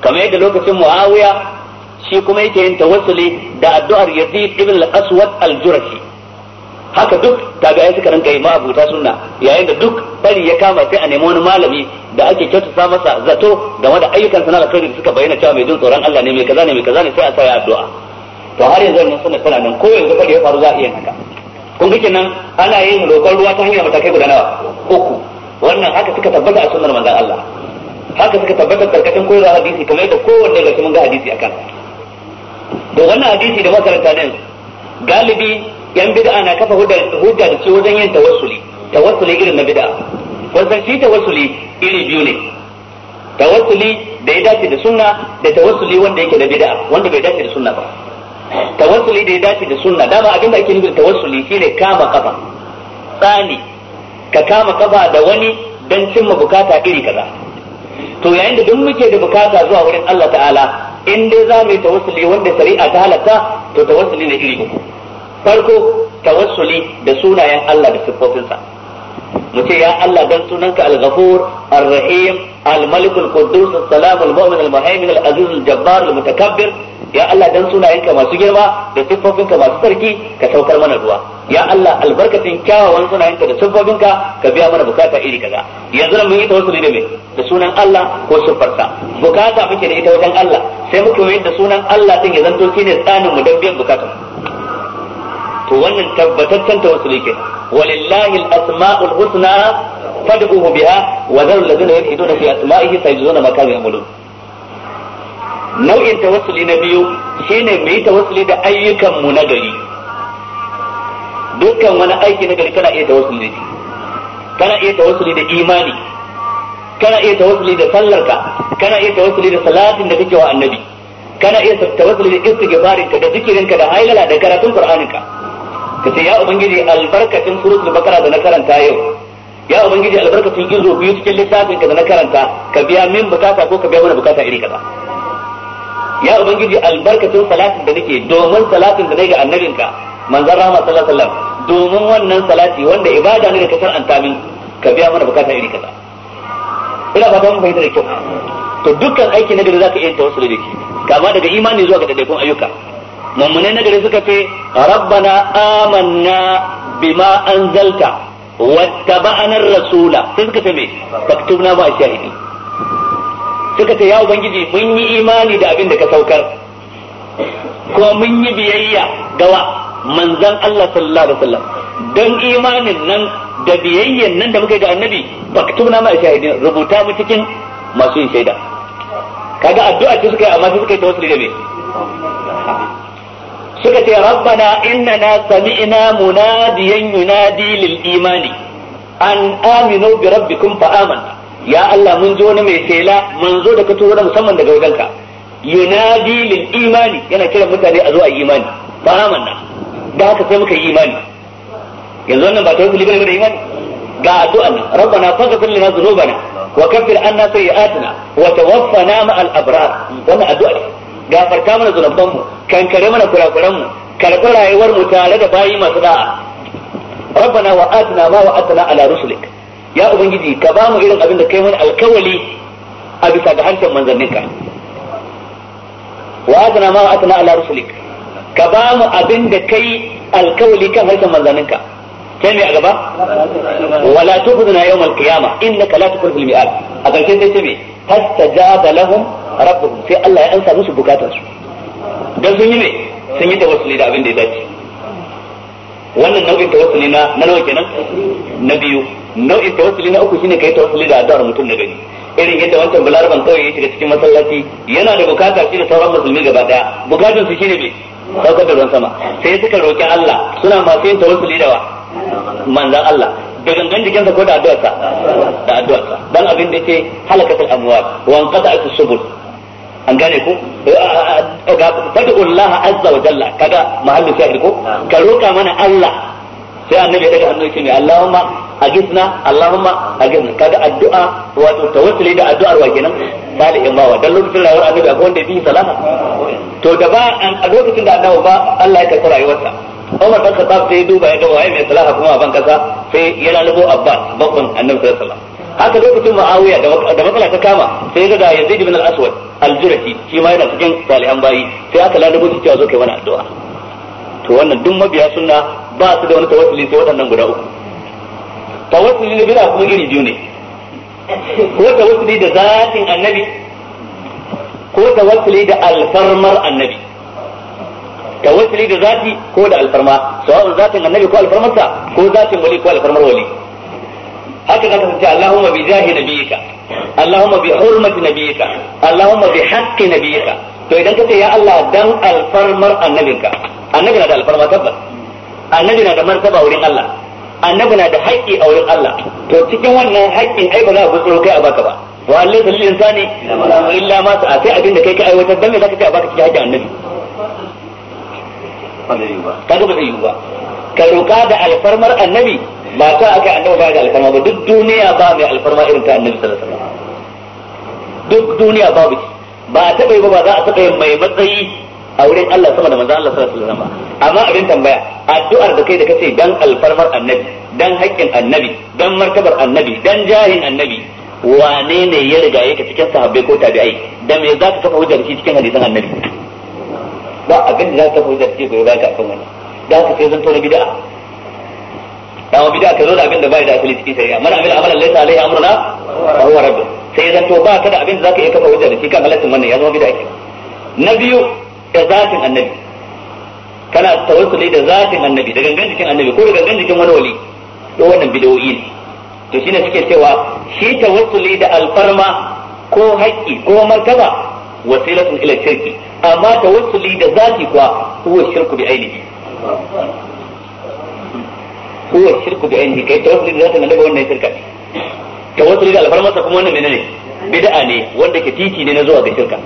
kamar yadda lokacin Muawiya shi kuma yake yin tawassuli da addu'ar Yazid ibn al-Aswad al-Jurashi haka duk ai suka ranka yi ma'abuta sunna yayin da duk bari ya kama sai a nemi wani malami da ake kyautata masa zato game da ayyukan sana kai da suka bayyana cewa mai jin tsoron Allah ne mai kaza ne mai kaza ne sai a sa ya addu'a to har yanzu wannan sunna tana nan ko yanzu fa ya faru za a iya haka kun ga kenan ana yin roƙon ruwa ta hanyar matakai guda nawa uku wannan haka suka tabbata a sunnar manzon Allah haka suka tabbata karkashin koyar hadisi kamar yadda kowanne ga mun ga hadisi akan to wannan hadisi da makaranta din galibi yan bid'a na kafa hujja da shi wajen yin tawassuli tawassuli irin na bid'a wannan shi tawassuli iri biyu ne tawassuli da ya dace da sunna da tawassuli wanda yake da bid'a wanda bai dace da sunna ba tawassuli da ya dace da sunna dama abin da ake nufin tawassuli shine kama kafa tsani ka kama kafa da wani dan cimma bukata iri kaza to yayin da duk muke da bukata zuwa wurin Allah ta'ala in dai za mu yi tawassuli wanda shari'a ta halatta to tawassuli ne iri uku farko tawassuli da sunayen Allah da siffofinsa mu ce ya Allah dan sunanka al-ghafur ar-rahim al-malik al-quddus as-salam al-mu'min al-muhaymin al-aziz al-jabbar al-mutakabbir ya Allah dan sunayenka masu girma da siffofinka masu sarki ka saukar mana ruwa ya Allah albarkatin kyawawan sunayenka da siffofinka ka biya mana bukata iri kaza yanzu mun yi tawassuli da me da sunan Allah ko siffarsa bukata muke da ita wajen Allah sai muke yi da sunan Allah din ya zanto shine tsanin mu dan biyan bukata to wannan tabbataccen tawassuli kenan walillahi al-asma'ul husna fad'uhu biha wa dharul ladina yulhiduna fi asma'ihi sayajzuna ma kanu ya'malun nau'in tawassuli na biyu shine mu yi tawassuli da ayyukan mu na gari dukkan wani aiki na gari kana iya tawassuli da kana iya tawassuli da imani kana iya tawassuli da sallarka kana iya tawassuli da salatin da kake wa annabi kana iya tawassuli da istighfarinka da zikirinka da hailala da karatun qur'aninka kace ya ubangiji albarkatin suratul bakara da na karanta yau ya ubangiji albarkatin izo biyu cikin littafin ka da na karanta ka biya min bukata ko ka biya mana bukata iri kaza ya ubangiji albarkatin salatin da nake domin salatin da nake ga annabinka manzon rahama sallallahu alaihi wasallam domin wannan salati wanda ibada ne ka shar'anta min ka biya mana bukata iri kaza ina ba don bai da kyau to dukkan aiki na gari zaka iya tawassuli da shi kama daga imani zuwa ga daidaikun ayyuka mummune na gari suka ce rabbana amanna bima anzalta wattaba'ana rasula sai suka ce me faktubna ba shahidi suka ce ya ubangiji mun yi imani da abin da ka saukar ko mun yi biyayya gawa manzan Allah sallallahu alaihi wasallam dan imanin nan da biyayyan nan da muka yi da annabi faktubna ma shahidi rubuta mu cikin masu yin shaida kaga addu'a ce suka yi amma suka yi tawassuli da me suka ce rabbana innana sami'na munadiyan yunadi lil imani an aminu bi rabbikum fa amanna ya Allah mun ji wani mai tela zo da ka turo da musamman daga wajenka yunadi lil imani yana kiran mutane a zuwa imani fa amanna da haka sai muka yi imani yanzu wannan ba ta yi bane da imani ga addu'an rabbana faghfir lana dhunubana wa kaffir anna sayyi'atina wa tawaffana ma'al abrar wannan addu'a gafarta mana zunubanmu kankare mana kurakuranmu karɓi rayuwar mu tare da bayi masu da'a rabbana wa atina ma wa atina ala rusulik ya ubangiji ka ba mu irin abin da kai mana alkawali a bisa ga harshen manzanninka wa atina ma wa atina ala rusulik ka ba mu abin da kai alkawali kan harshen manzanninka sai mai a gaba wala tukhzina yawmal qiyamah innaka la tukhzil mi'ad a karshe sai ce me fastajaba lahum rabbuhum sai Allah ya ansa musu bukatar su dan sun yi ne sun yi tawassuli da abin da ya dace wannan nau'in tawassuli na na nawa kenan na biyu nau'in tawassuli na uku shine kai tawassuli da addu'ar mutum na gani irin yadda wancan balaraban kawai ya shiga cikin masallaci yana da bukata shi da sauran musulmi gaba daya bukatun su shine me saukar da ruwan sama sai suka roki Allah suna masu yin tawassuli da wa manzan Allah da gangan jikinsa ko da addu'arsa da addu'arsa dan abin da yake halakatul amwal wa anqata'at subul an gane ko eh, fad'ullaha azza wa jalla kaga mahallin shahid ko ka roka mana Allah sai annabi ya daga hannu yake ne Allahumma ajisna Allahumma ajisna kaga addu'a wato tawassuli da addu'ar wa kenan salihin bawa dan lokacin rayuwar annabi akwai wanda bi salama to da ba a lokacin da annabi ba Allah ya karɓi rayuwarsa Umar bin Khattab sai duba ya ga waye mai salaha kuma a ban kasa sai ya lalubo Abbas bakon annabi sallallahu alaihi wasallam haka lokacin ma'awiya da matsala ta kama sai ga yazid ibn al-aswad al-jurashi shi ma yana cikin salihan bayi sai aka ladabo shi cewa zo kai mana addu'a to wannan duk mabiya sunna ba su da wani tawassuli sai waɗannan guda uku tawassuli ne bila kuma iri biyu ne ko tawassuli da zatin annabi ko tawassuli da alfarmar annabi tawassuli da zati ko da alfarma sawa'un zatin annabi ko alfarmarsa ko zatin wali ko alfarmar wali haka za ka ce Allahumma bi jahi nabiyika Allahumma bi hurmati nabiyika Allahumma bi haqqi nabiyika to idan ka ce ya Allah dan alfarmar annabinka annabi na da alfarma tabbas annabi na da martaba wurin Allah annabi na da haƙƙi a wurin Allah to cikin wannan haƙƙin ai ba za ka gutsuro kai a baka ba wa allaysa lil insani illa ma sa'a sai abin da kai ka aiwatar dan me zaka ce a baka cikin haƙƙin annabi kaga ba zai yiwu ba ka roƙa da alfarmar annabi ta aka annabi ba da alfarma ba duk duniya ba mai alfarma irin ta annabi sallallahu alaihi wasallam duk duniya babu ba a taɓa yi ba ba za a taɓa mai matsayi a wurin Allah sama da manzon Allah sallallahu alaihi wasallam amma abin tambaya addu'ar da kai da kace dan alfarmar annabi dan haƙƙin annabi dan martabar annabi dan jahin annabi wane ne ya riga yake cikin sahabbai ko tabi'ai dan me ka kafa hujjar shi cikin hadisan annabi ba abin da ka kafa hujjar shi ko ka kafa wani da ka sai zan tona bid'a yawa bid'a ka zo da abin da bai da asali cikin shari'a man amila amalan laysa alaihi amruna wa huwa radd sai zan to ba ka da abin da zaka iya kafa hujja da shi kan halaccin wannan ya zama bid'a kenan na biyu zatin annabi kana tawassuli da zatin annabi da gangan jikin annabi ko da gangan jikin wani wali to wannan bid'o'i ne to shine suke cewa shi tawassuli da alfarma ko haƙƙi ko martaba wasilatun ila shirki amma tawassuli da zati kuwa huwa shirku bi ainihi huwa shirku bi ainihi kai tawassuli da zaka daga wannan shirka ne tawassuli da alfarmarsa kuma wannan menene bid'a ne wanda ke titi ne na zuwa ga shirka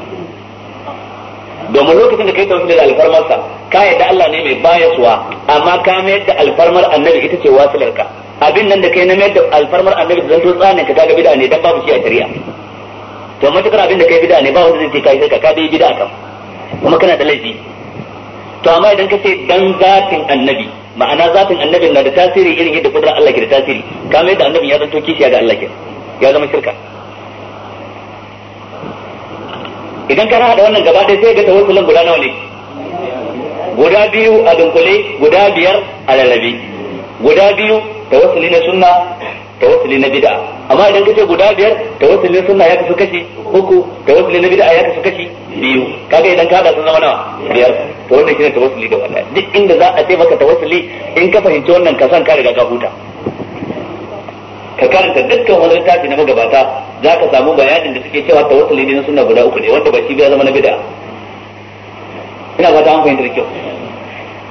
domin lokacin da kai tawassuli da alfarmarsa ka yadda Allah ne mai bayaswa amma ka mayar da alfarmar annabi ita ce wasilarka abin nan da kai na mayar da alfarmar annabi da zanto tsanin ka kaga bid'a ne dan babu shi a shari'a to matukar abin da kai bid'a ne ba wanda zai ce kai shirka ka dai bid'a kam kuma kana da laifi to amma idan ka ce dan zatin annabi ma'ana zatin annabin na da tasiri irin yadda kudura Allah ke da tasiri kamar yadda annabin ya zanto kishiya ga Allah ke ya zama shirka idan ka hada wannan gaba ɗaya sai ga tawassulin guda nawa ne guda biyu a dunkule guda biyar a lalabe guda biyu tawassuli na sunna tawassuli na bid'a amma idan kace guda biyar tawassuli na sunna ya kasu kashi uku tawassuli na bid'a ya kasu kashi biyu kaga idan ka hada sun zama nawa biyar to wannan shine tawassuli da wallahi duk inda za a ce maka tawassuli in ka fahimci wannan ka san ka riga ka huta ka karanta dukkan wani littafi na magabata za ka samu bayanin da suke cewa tawassuli ne na sunna guda uku ne wanda ba shi biya zama na bid'a ina fata an fahimta da kyau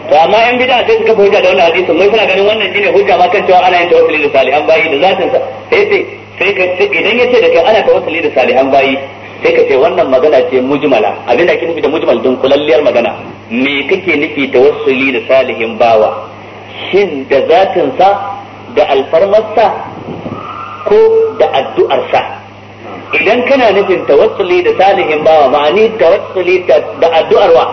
to amma yan bid'a sai suka fahimta da wannan hadisin mai suna ganin wannan shine hujja ma kan cewa ana yin tawassuli da salihan bayi da zatin sa sai sai sai idan yace da kai ana tawassuli da salihan bayi sai ka ce wannan magana ce mujmala abinda ake nufi da mujmal don kulalliyar magana me kake nufi wasu da salihin bawa shin da zatinsa da alfarmarsa ko da addu'arsa idan kana nufin tawassuli da salihin bawa ma'ani tawassuli da addu'arwa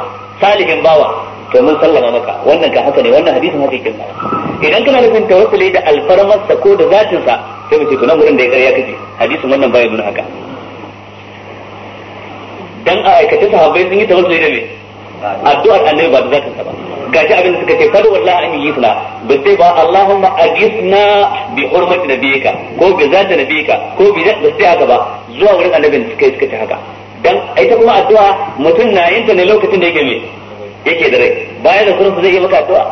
salihin bawa to mun sallama maka wannan ka haka ne wannan hadisin haka yake idan kana nufin tawassuli da alfarmarsa ko da zatinsa sai mu ce to nan gurin da ya ƙarya kake hadisin wannan baya nuna haka dan a aikace sahabbai sun yi tawassuli da me addu'ar annabi ba da zatin sa ba gashi abin da suka ce kada wallahi an yi suna ba sai ba Allahumma ajisna bi hurmati nabiyika ko bi zati nabiyika ko bi da sai haka ba zuwa wurin annabin suka suka ce haka dan ta kuma addu'a mutum na yin ta ne lokacin da yake me yake da rai bayan da kurinsa zai yi maka addu'a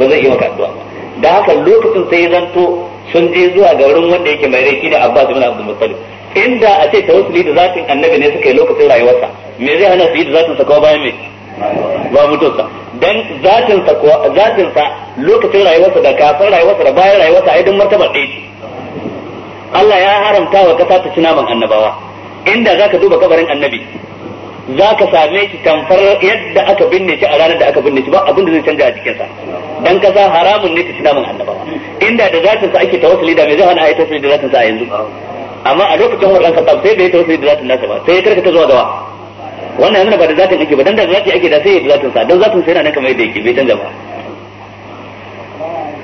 ba zai yi maka addu'a da haka lokacin sai zanto sun je zuwa ga wurin wanda yake mai rai shine Abbas ibn Abdul Muttalib inda a ce tawassuli da zatin annabi ne suka yi lokacin rayuwarsa me zai hana su yi da zatin sa kuma bayan me ba mutunsa dan zatin sa zatin sa lokacin rayuwarsa da kafin rayuwarsa da bayan rayuwarsa ai duk martaba ɗaya ce Allah ya haramta wa kasa ta ci naman annabawa inda zaka duba kabarin annabi zaka same shi tamfar yadda aka binne shi a ranar da aka binne shi ba abin da zai canja a jikinsa dan kasa haramun ne ta ci naman annabawa inda da zatin sa ake tawassuli da me zai hana ai tawassuli da zatin sa a yanzu amma a lokacin Umar dan Khattab sai bai tausayi da zatin nasa ba sai ya karkata zuwa gawa wannan yana ba da zatin ake ba dan da zati ake da sai ya da zatin sa dan zatin sa yana nan kamar yadda yake bai canza ba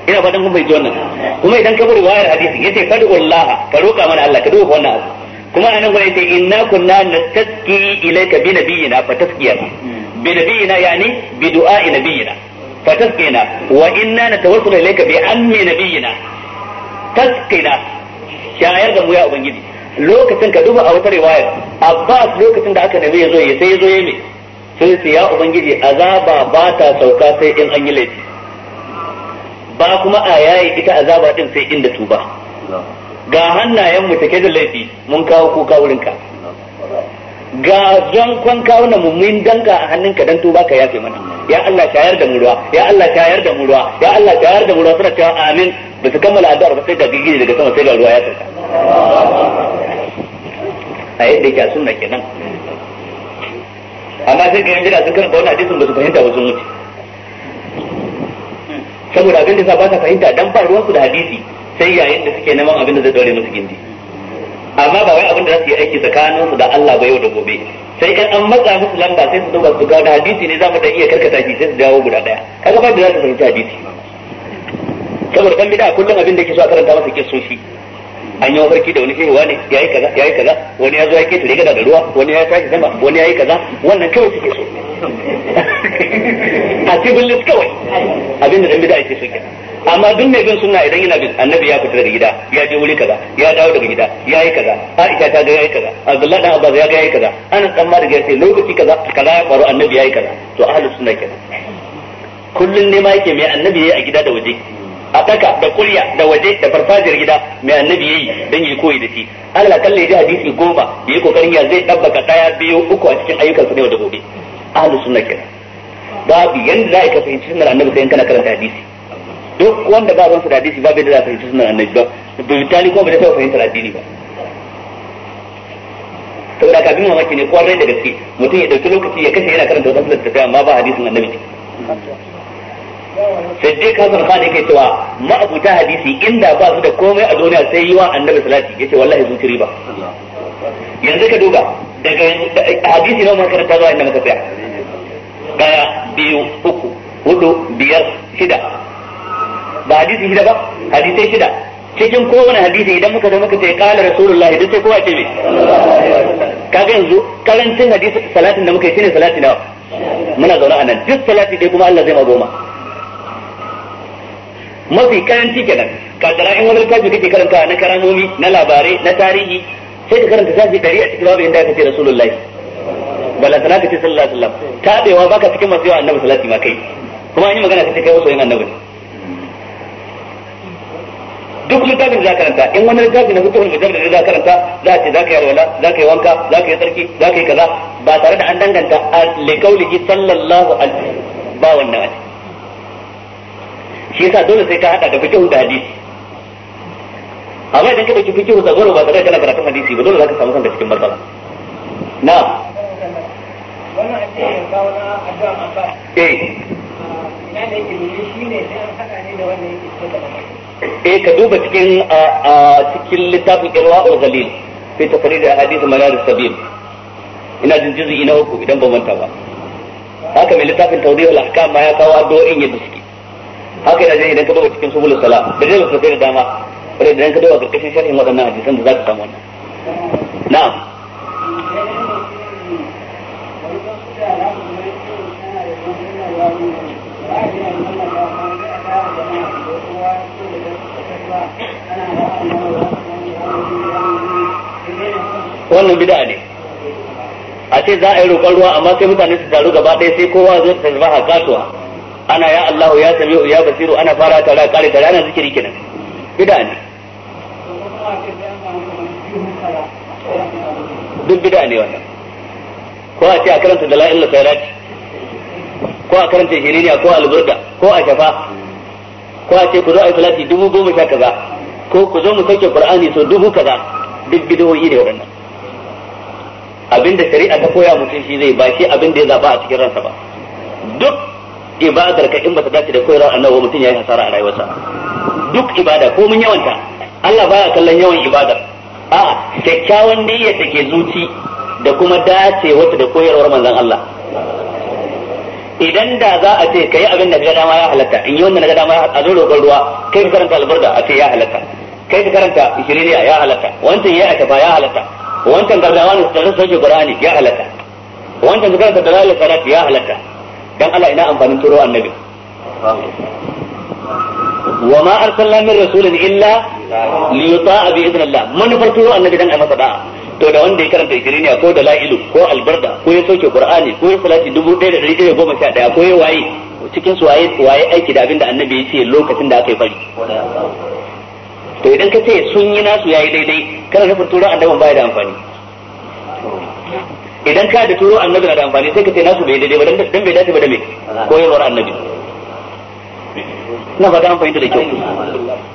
ina fatan kun fahimci wannan kuma idan ka bi riwayar hadisi yace fadu wallaha ka roka mana Allah ka duba wannan abu kuma anan gurin yace inna kunna nastaski ilayka bi nabiyina fa taskiya bi nabiyina yani bi du'a'i nabiyina fa taskiyana wa inna natawassalu ilayka bi ammi nabiyina taskiyana shayar da mu ya ubangiji lokacin ka duba a wata riwaya abbas lokacin da aka nemi ya zo ya sai ya zo ya me sai sai ya ubangiji azaba ba ta sauka sai in an yi laifi ba kuma a yayi ita azaba din sai inda tuba ga hannayen mu take da laifi mun kawo kuka wurin ka ga zan kwan kawo na mummin danka a hannunka dan tuba ka yafe mana ya Allah shayar da mu ruwa ya Allah shayar da mu ruwa ya Allah shayar da mu ruwa suna cewa amin ba su kammala addu'ar ba sai ga gigiri daga sama sai ga ruwa ya tsaka a yadda yake a sunna kenan amma sai ga yanzu da sun karanta wannan hadisin ba su fahimta ba sun mutu. saboda abin da sa ba sa fahimta dan ba ruwansu da hadisi sai yayin da suke neman abin da zai dore musu gindi amma ba wai abin da za su yi aiki tsakaninsu da Allah ba yau da gobe sai in an matsa musu lamba sai su duba su ga hadisi ne za mu da iya karkata shi sai su dawo guda daya kaga ba da za su fahimci hadisi saboda dan bid'a kullum abin da yake so a karanta masa kissoshi an yi mafarki da wani shi wani ya yi kaza ya yi kaza wani ya zo ya ketare gada da ruwa wani ya tashi sama wani ya yi kaza wannan kawai suke so a cibin list kawai abin da dan bid'a yake so ke amma duk mai bin sunna idan yana bin annabi ya fita daga gida ya je wuri kaza ya dawo daga gida ya yi kaza Aisha ta ga ya yi kaza Abdullahi dan Abbas ya ga ya yi kaza ana dan da ya ce lokaci kaza kaza ya faru annabi ya yi kaza to ahlus sunna kenan kullun ne ma yake mai annabi yayi a gida da waje a daka da kulya da waje da farfajiyar gida mai annabi yayi dan yi koyi da shi Allah kalle ji hadisi goma yayi kokarin ya zai dabbaka daya biyu uku a cikin ayyukansa ne da gobe ahlus sunna kenan babu yanda za ka fahimci sunnar annabi sai kana karanta hadisi duk wanda ba ruwansa da hadisi babu yanda za ka fahimci sunnar annabi ba bitali ko ba da taɓa fahimtar addini ba saboda ka bi mamaki ne kwarai da gaske mutum ya dauki lokaci ya kashe yana karanta da littattafai amma ba hadisin annabi siddiq hasan khan yake cewa ma'abuta hadisi inda ba su da komai a duniya sai yi wa annabi salati yace wallahi sun ci riba yanzu ka duba daga hadisi nawa muka karanta zuwa inda muka tsaya daya biyu uku hudu biyar shida ba hadisi shida ba hadisai shida cikin kowane hadisi idan muka zo muka ce kala rasulullah idan sai kowa ce me kaga yanzu karancin hadisi salatin da muka yi shine salati nawa muna zaune a nan duk salati dai kuma Allah zai ma goma mafi karanci kenan kaddara in wani littafi kake karanta na karamomi na labarai na tarihi sai ka karanta sashi dari a cikin babu inda aka ce rasulullahi sana ka ce sallallahu alaihi wasallam tabewa baka cikin masu yawa annabi salati ma kai kuma an yi magana sai kai wasu yin annabi duk littafin da za karanta in wani littafi na hukumar mujar da za karanta za a ce za ka yi alwala za ka yi wanka za ka yi sarki za ka yi kaza ba tare da an danganta a likauliki sallallahu alaihi ba wannan a shi yasa dole sai ka hada da fiqh da hadisi amma idan ka dauki fiqh da goro ba tare da kana karatun hadisi ba dole zaka samu kanka cikin matsala na'am wannan na addu'a abba eh ina da yake shi ne sai an hada ne da wannan yake da eh ka duba cikin a cikin littafin irwa'ul ghalil fi tafrid hadith manar sabil ina jin juz'i na uku idan ba manta ba haka mai littafin tawdihul ahkam ma ya kawo addu'o'in yadda suke haka yana jin idan ka duba cikin subulus sala da jami'a sosai da dama wanda idan ka duba karkashin sharhin waɗannan hadisan da za ka samu wannan na'am wannan bid'a ne a ce za a yi roƙon ruwa amma sai mutane su taru gaba ɗaya sai kowa zai tasbaha kasuwa ana ya Allah ya sami ya basiru ana fara tara kare tara ana zikiri kenan bid'a ne duk bid'a ne wannan ko a ce a karanta dalail khairat ko a karanta hiriniya ko alburda ko a shafa ko a ce ku zo a salati dubu goma sha kaza ko ku zo mu sauke qur'ani so dubu kaza duk bid'o'i ne waɗannan abinda shari'a ta koya mutum shi zai ba shi abinda ya zaba a cikin ransa ba duk ibadar ka in ba ta dace da koyarwar annabi mutum ya yi hasara a rayuwarsa duk ibada ko mun yawanta Allah baya kallon yawan ibada. a kyakkyawan niyyar da ke zuci da kuma dace wata da koyarwar manzon Allah idan da za a ce yi abin da ga dama ya halatta in yi wannan ga dama a zo roƙon ruwa kai ka karanta albarda a ce ya halatta kai ka karanta ishiriniya ya halatta wancan ya ba ya halatta wancan gargawa ne su tsarin sauke ya halatta wancan su karanta da lalata ya halatta dan Allah ina amfanin turo annabi wa ma arsalna min rasulin illa li yuta'a bi idnillah manufar turo annabi dan ai masa da'a to da wanda ya karanta ikiriniya ko da la'ilu ko albarda ko ya sauke qur'ani ko ya salati 1111 ko ya waye cikin su waye waye aiki da abinda annabi ya ce lokacin da aka yi fari to idan ka ce sun yi nasu yayi daidai kana nufin turo annabi ya da amfani idan ka da turo annabi na da amfani sai ka ce nasu bai daidai ba dan bai dace ba da me koyarwar annabi na fata an fahimta da kyau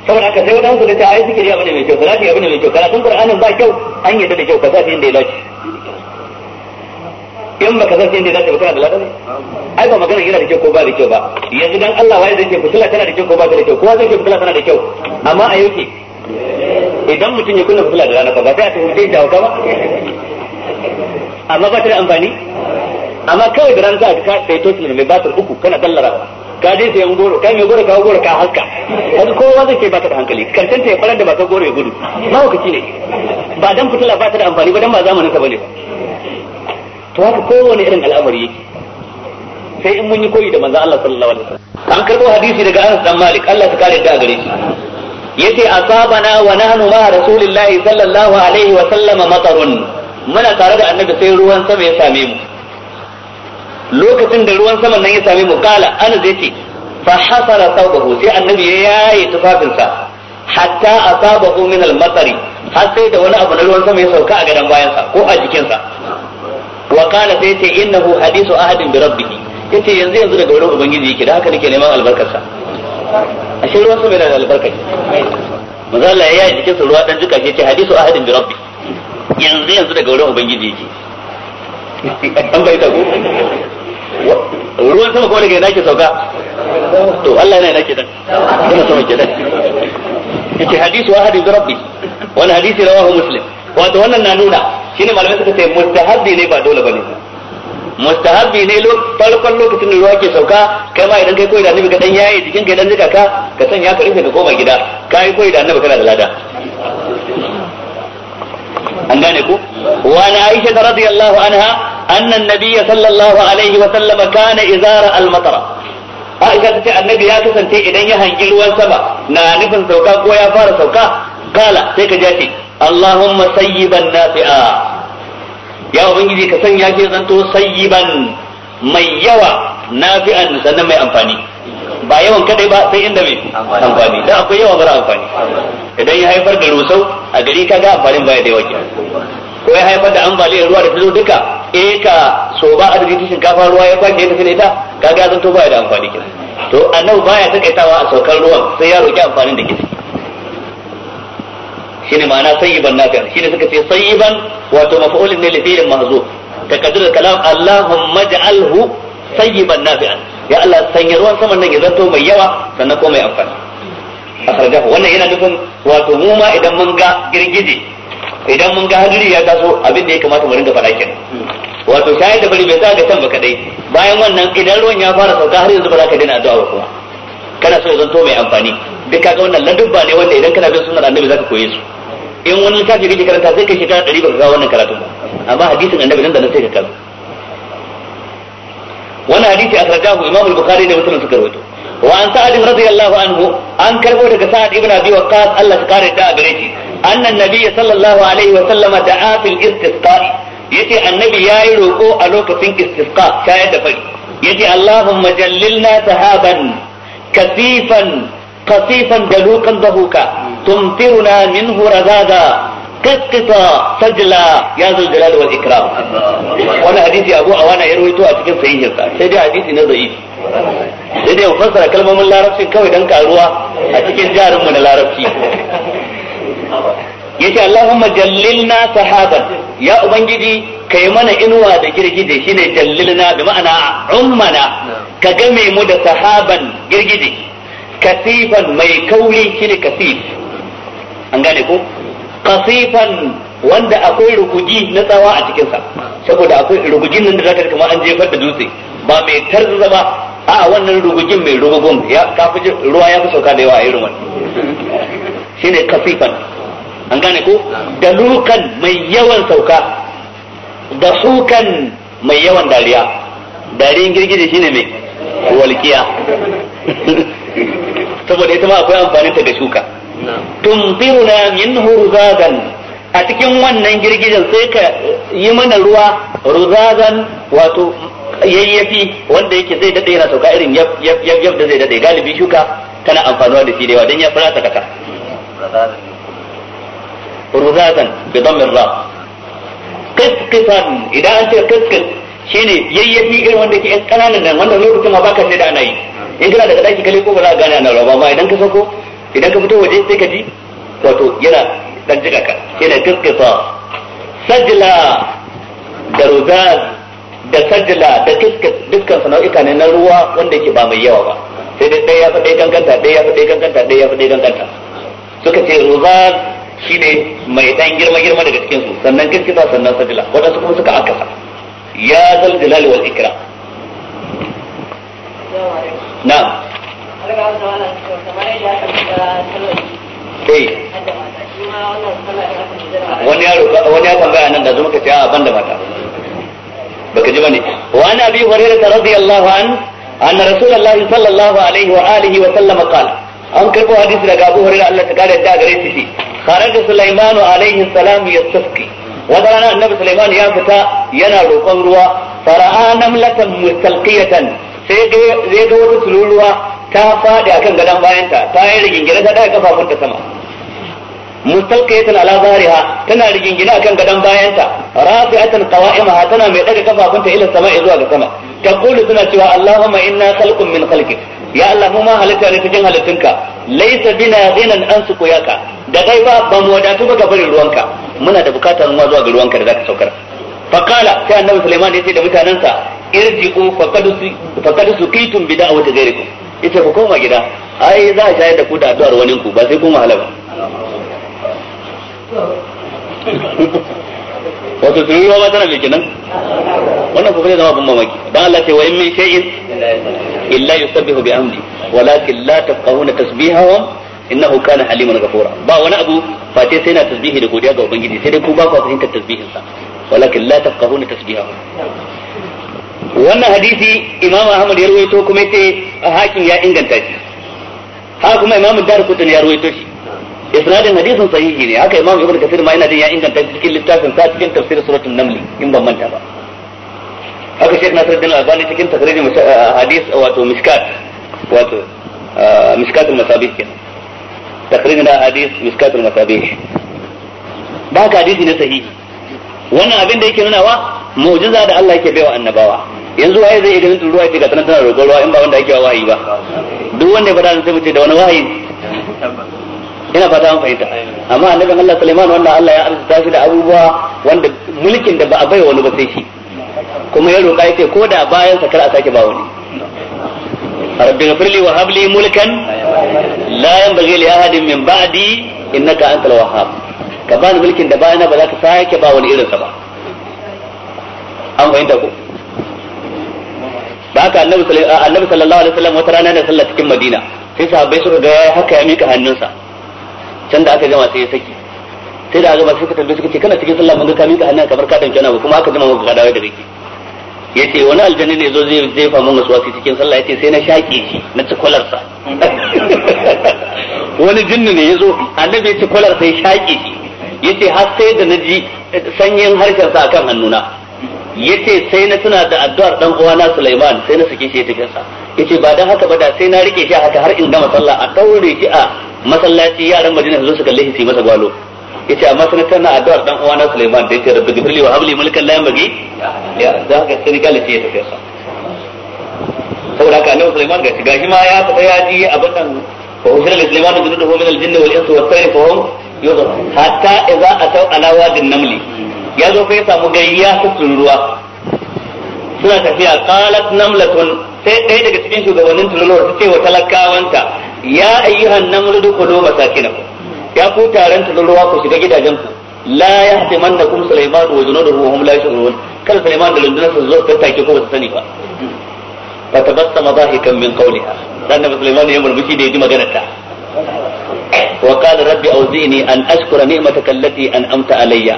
saboda haka sai wadansu da ta ayi suke riya bane mai kyau salati abin mai kyau karatun qur'anin ba kyau an yadda da kyau ka sa inda ya dace in baka san inda ya dace ba kana da ladan ai ba magana yana da kyau ko ba da kyau ba yanzu dan Allah waye zai ce fitila tana da kyau ko ba ta da kyau kowa zai ce fitila tana da kyau amma a yau ke idan mutum ya kunna fitila da rana ba sai a tafi da hauka ba amma ba ta da amfani amma kawai da ranta za sai to su mai batar uku kana dallarawa ka je yan goro kai mai goro ka goro ka haska har kowa zai ce ba ta da hankali karshen ta ya farar da ba ta goro ya gudu ba ci ne ba dan fitila ba ta da amfani ba dan ba zamanin ka bane ba to haka kowane irin al'amari yake sai in mun yi koyi da manzo Allah sallallahu alaihi wasallam an karbo hadisi daga Anas dan Malik Allah ta kare da gare shi yace asabana wa nahnu ma rasulillahi sallallahu alaihi wa sallama matarun muna tare da annabi sai ruwan sama ya same mu lokacin da ruwan sama nan ya same mu kala ana zai ce fa hasara saubahu sai annabi ya yaye tufafinsa hatta asabahu min al-matari har sai da wani abu na ruwan sama ya sauka a gadon bayansa ko a jikinsa wa kala sai ce innahu hadisu ahadin bi rabbihi yace yanzu yanzu daga wurin ubangiji yake da haka nake neman albarkarsa ashe ruwan sama yana da albarka manzo Allah ya yi jikinsa ruwa dan jika ce hadisu ahadin bi rabbihi yanzu yanzu daga wurin ubangiji yake an bai tago ruwan sama kuma daga yana ke sauka to Allah yana yana ke dan yana sama ke dan yake hadisu wa bi rabbi wani hadisi rawahu muslim wato wannan na nuna ne malamai suka ce mustahabbi ne ba dole bane mustahabbi ne farkon lokacin da ruwa ke sauka kai ma idan kai koyi da annabi ka dan yaye jikin kai idan zika ka ka sanya ka rufe ka koma gida kai koyi da annabi kana da lada an gane ku? wa na aisha radiyallahu anha anna an-nabiy sallallahu alaihi wa sallam kana izara al-matara Aisha ta ce annabi ya kasance idan ya hangi ruwan sama na nufin sauka ko ya fara sauka kala sai ka jace Allahumma sayyiban nafi'a ya ubangiji ka sanya shi zanto sayyiban mai yawa nafi'an sannan mai amfani ba yawan kadai ba sai inda mai amfani da akwai yawa bara amfani idan ya haifar da rusau a gari ka ga amfanin baya da yawa ko ya haifar da ambaliyar ruwa da ta zo duka ka so ba a ta shinkafa ruwa ya kwanke ta ka ga zan to baya da amfani kenan to annabi baya takaitawa a saukar ruwan sai ya roki amfanin da ke ciki shine ma'ana sayyiban nafi'an shine suka ce sayyiban wato maf'ulun ne li fi'lin Ka takaddur kalam Allahumma ja'alhu sayyiban nafi'an ya Allah sanya ruwan saman nan ya zanto mai yawa sannan ko mai amfani akarjahu wannan yana nufin wato mu ma idan mun ga girgije idan mun ga hadiri ya taso abin da ya kamata mu ringa faɗa kenan wato shayar da bari bai sa ga can ba kadai bayan wannan idan ruwan ya fara sauka har yanzu ba za ka daina addu'a ba kuma kana so ya zanto mai amfani duk kaga wannan ba ne wanda idan kana bin sunnar annabi zaka koye su in wani littafi gidi karanta sai kai shekara ɗari baka ga wannan karatun ba amma hadisin annabi nan da nan sai ka kaza wannan hadisi akhrajahu imam bukhari da muslim suka rawaito وعن سعد رضي الله عنه أن كربو سعد ابن أبي وقاص الله تقارئ دا بريتي أن النبي صلى الله عليه وسلم دعا في الاستسقاء يتي النبي يا يروقو ألوك في استسقاء شاهد فلي يتي اللهم جللنا سهابا كثيفا قصيفا دلوكا ضبوكا تمطرنا منه رذاذا kaskata sajla ya zo jalal wal ikram wani hadisi abu a wani rawaito a cikin sahihinsa sai dai hadisi na zai sai dai fassara kalmomin larabcin kawai dan karuwa a cikin jarinmu na larabci yace Allahumma jallilna sahaban ya ubangiji kai mana inuwa da girgije shine jallilna da ma'ana ummana ka game mu da sahaban girgije kasifan mai kauri shine kasif an gane ko kasifan wanda akwai ruguji na tsawa a cikinsa saboda akwai rugujin nan da zaka kama an jefar da dutse ba mai tarza ba a wannan rugujin mai rugugun ya kafi ruwa ya fi sauka da yawa a irin wannan shine kasifan an gane ko da lukan mai yawan sauka da sukan mai yawan dariya dariyan girgije shine mai walkiya saboda ita ma akwai amfanin ta ga shuka tumtiruna minhu ruzadan a cikin wannan girgizar sai ka yi mana ruwa ruzazan wato yayyafi wanda yake zai dade yana sauka irin yab da zai dade galibi shuka tana amfani da shi da yawa dan ya fara ta kasa ruzazan bi dammir ra kaskasan idan an ce kaskas shine yayyafi irin wanda yake kananan nan wanda lokacin ma baka sai da ana yi in kana daga daki kale ko ba za ka gane ana ba ma idan ka sako idan ka fito waje sai ka ji wato yana dan jika ka yana gaskasa sajla da ruzaz da sajla da dukkan sana'uka ne na ruwa wanda yake ba mai yawa ba sai dai ɗaya ya fi ɗaya kankanta ɗaya ya fi ɗaya kankanta ɗaya ya fi ɗaya kankanta suka ce ruzaz shine mai dan girma girma daga cikin su sannan gaskata sannan sajla wadansu kuma suka akasa ya zal jalali wal ikra na'am wani yaro wani ya tambaya nan da zuma ka ce a ban da mata baka ji bane wa ana bi hurairah radiyallahu an anna rasulullah sallallahu alaihi wa alihi wa sallam qala an karbo hadisi daga abu hurairah Allah ta kare ta gare shi kharaja sulaiman alaihi salam yastasqi wata rana annabi sulaiman ya fita yana roƙon ruwa fara'a namlatan mustalqiyatan sai ga wata tururuwa ta faɗi akan gadon bayanta ta yi rigingine ta kafafun ta sama mustalqiyatan ala zahriha tana rigingina akan gadon bayanta rafi'atan qawa'imaha tana mai ɗaga kafafunta ila sama'i zuwa ga sama taqulu tana cewa allahumma inna khalqun min khalqik ya allah mu ma halitta ne cikin halittunka laysa bina ghinan an kuyaka da kai ba ba mu wadatu ba ga barin ruwanka muna da bukatar ruwa zuwa ga ruwanka da zaka saukar faqala sai annabi sulaiman yace da mutanansa irji'u faqad suqitum bi da'wati ghairikum yace ku koma gida ai za a shayar da ku da addu'ar wani ku ba sai kun wahala ba wato yi ba tana mai kenan wannan kuma ne zama abin mamaki dan Allah ce wa in min shay'in illa yusabbihu bi amdi walakin la tafqahuna tasbihahu innahu kana haliman ghafura ba wani abu face sai na tasbihi da godiya ga ubangiji sai dai ku ba ku fahimtar tasbihin sa walakin la tafqahuna tasbihahu wannan hadisi imam ahmad ya rawaito kuma yace hakim ya inganta shi haka kuma imam kutun ya rawaito shi isnadin hadisin sahihi ne haka imam ibnu kasir ma ina da ya inganta shi cikin littafin sa cikin tafsir suratul naml in ban manta ba haka shek nasiruddin albani cikin takririn hadis wato miskat wato miskatul masabih kenan takririn hadis miskatul masabih ba ka hadisi ne sahihi wannan abin da yake nunawa mu'jiza da Allah yake baiwa annabawa yanzu waye zai iya ganin turuwa ya ce ga tana tana roƙon ruwa in ba wanda ake wahayi ba duk wanda ya faɗa sai mu da wani wahayi ina fata an fahimta amma annabin Allah Sulaiman wanda Allah ya arzuta shi da abubuwa wanda mulkin da ba a bai wani ba sai shi kuma ya roƙa yace ko da bayan sa kar a sake ba wani rabbi ghfirli wa habli mulkan la yanbaghi li ahadin min ba'di innaka antal wahhab ka bani mulkin da bayana ba za ka sake ba wani irin sa ba an fahimta ko da haka annabi sallallahu alaihi wasallam wata rana ne sallah cikin madina sai sahabbai suka ga haka ya mika hannunsa can da aka gama sai ya saki sai da aka gama sai ka tambaye suka ce kana cikin sallah mun ga ka mika hannun kamar ka danke ba kuma aka gama maka ka dawo da kake yace wani aljanni ne zo zai jefa mun wasu wasu cikin sallah yace sai na shaƙe shi na ci kwalarsa wani jinni ne yazo annabi ya ci kwalarsa ya shaƙe shi yace har sai da naji sanyin harshen sa akan hannuna yace sai na tuna da addu'ar dan uwana Sulaiman sai na sake shi ta kansa yace ba dan haka ba da sai na rike shi haka har in gama sallah a daure shi a masallaci yaran Madina su zo su kalle shi su masa gwalo yace amma sai na tuna addu'ar dan uwana Sulaiman da yace rabbi gifli wa habli mulkan la yamghi ya da haka sai ga lace ta kansa saboda haka annabi Sulaiman gashi gashi ma ya fada ya ji abin nan fa ushira li Sulaiman min al-jinni wal insi wa sayfa hum yuzra hatta idza ataw ala wadin namli ya zo fa ya samu gari ya ruwa suna tafiya qalat namlatun sai ɗaya daga cikin shugabannin tululowar ta ce wa talakawanta ya ayyuhan namlu dukulu masakinakum ya ku taron tululuwa ku shiga gidajen ku la yahtimannakum sulaiman wa junuduhu wa hum la yashurun kar sulaiman da lundunarsa zo ta take ko ba su sani ba fa tabassama dhahikan min qawliha dan nabi sulaiman ya murmushi da ya ji maganar ta wa qala rabbi awzini an ashkura ni'mataka allati an'amta alayya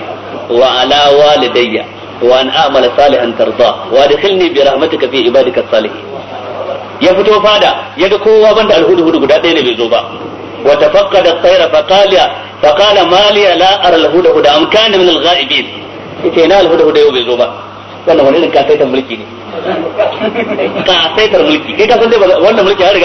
وعلى والدي وأن أعمل صالحا ترضاه وادخلني برحمتك في عبادك الصالحين ya fito fada ya ga kowa banda alhudu guda ɗaya ne bai zo ba wa tafaqqada at-tayra fa qala fa qala ma li la ara min al-ghaibin yace na alhudu yau bai zo ba wannan wani kasaitar mulki ne kasaitar mulki kai ka san wannan mulki har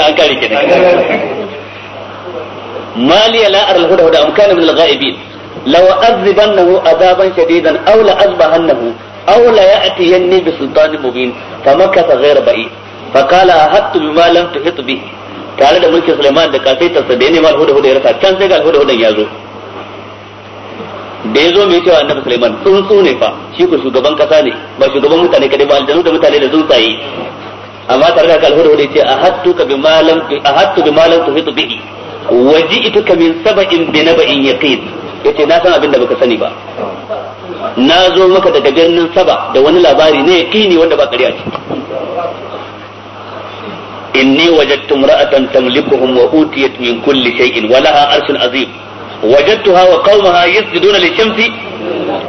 maliya la min al لو azibannahu عذابا شديدا aw la azbahannahu aw la ya'tiyanni bi sultanin mubin famakatha ghayra ba'i faqala ahattu bima lam tuhit bihi tare ده mulkin Sulaiman da kasaitar sa da ya nema alhuda huda ya da ya zo mai cewa annabi Sulaiman tsuntsu ne fa shi shugaban kasa ne ba shugaban mutane kadai ba aljanu da mutane da tsuntsaye amma tare da haka alhuda huda yace ahattu ka ahattu bihi min sab'in bi naba'in yaqin yace na san abin da baka sani ba na zo maka daga birnin saba da wani labari ne kini wanda ba ƙarya ce inni wajadtu imra'atan tamlikuhum wa utiyat min kulli shay'in wa laha arshun azim wajadtuha wa qaumaha yasjuduna lishamsi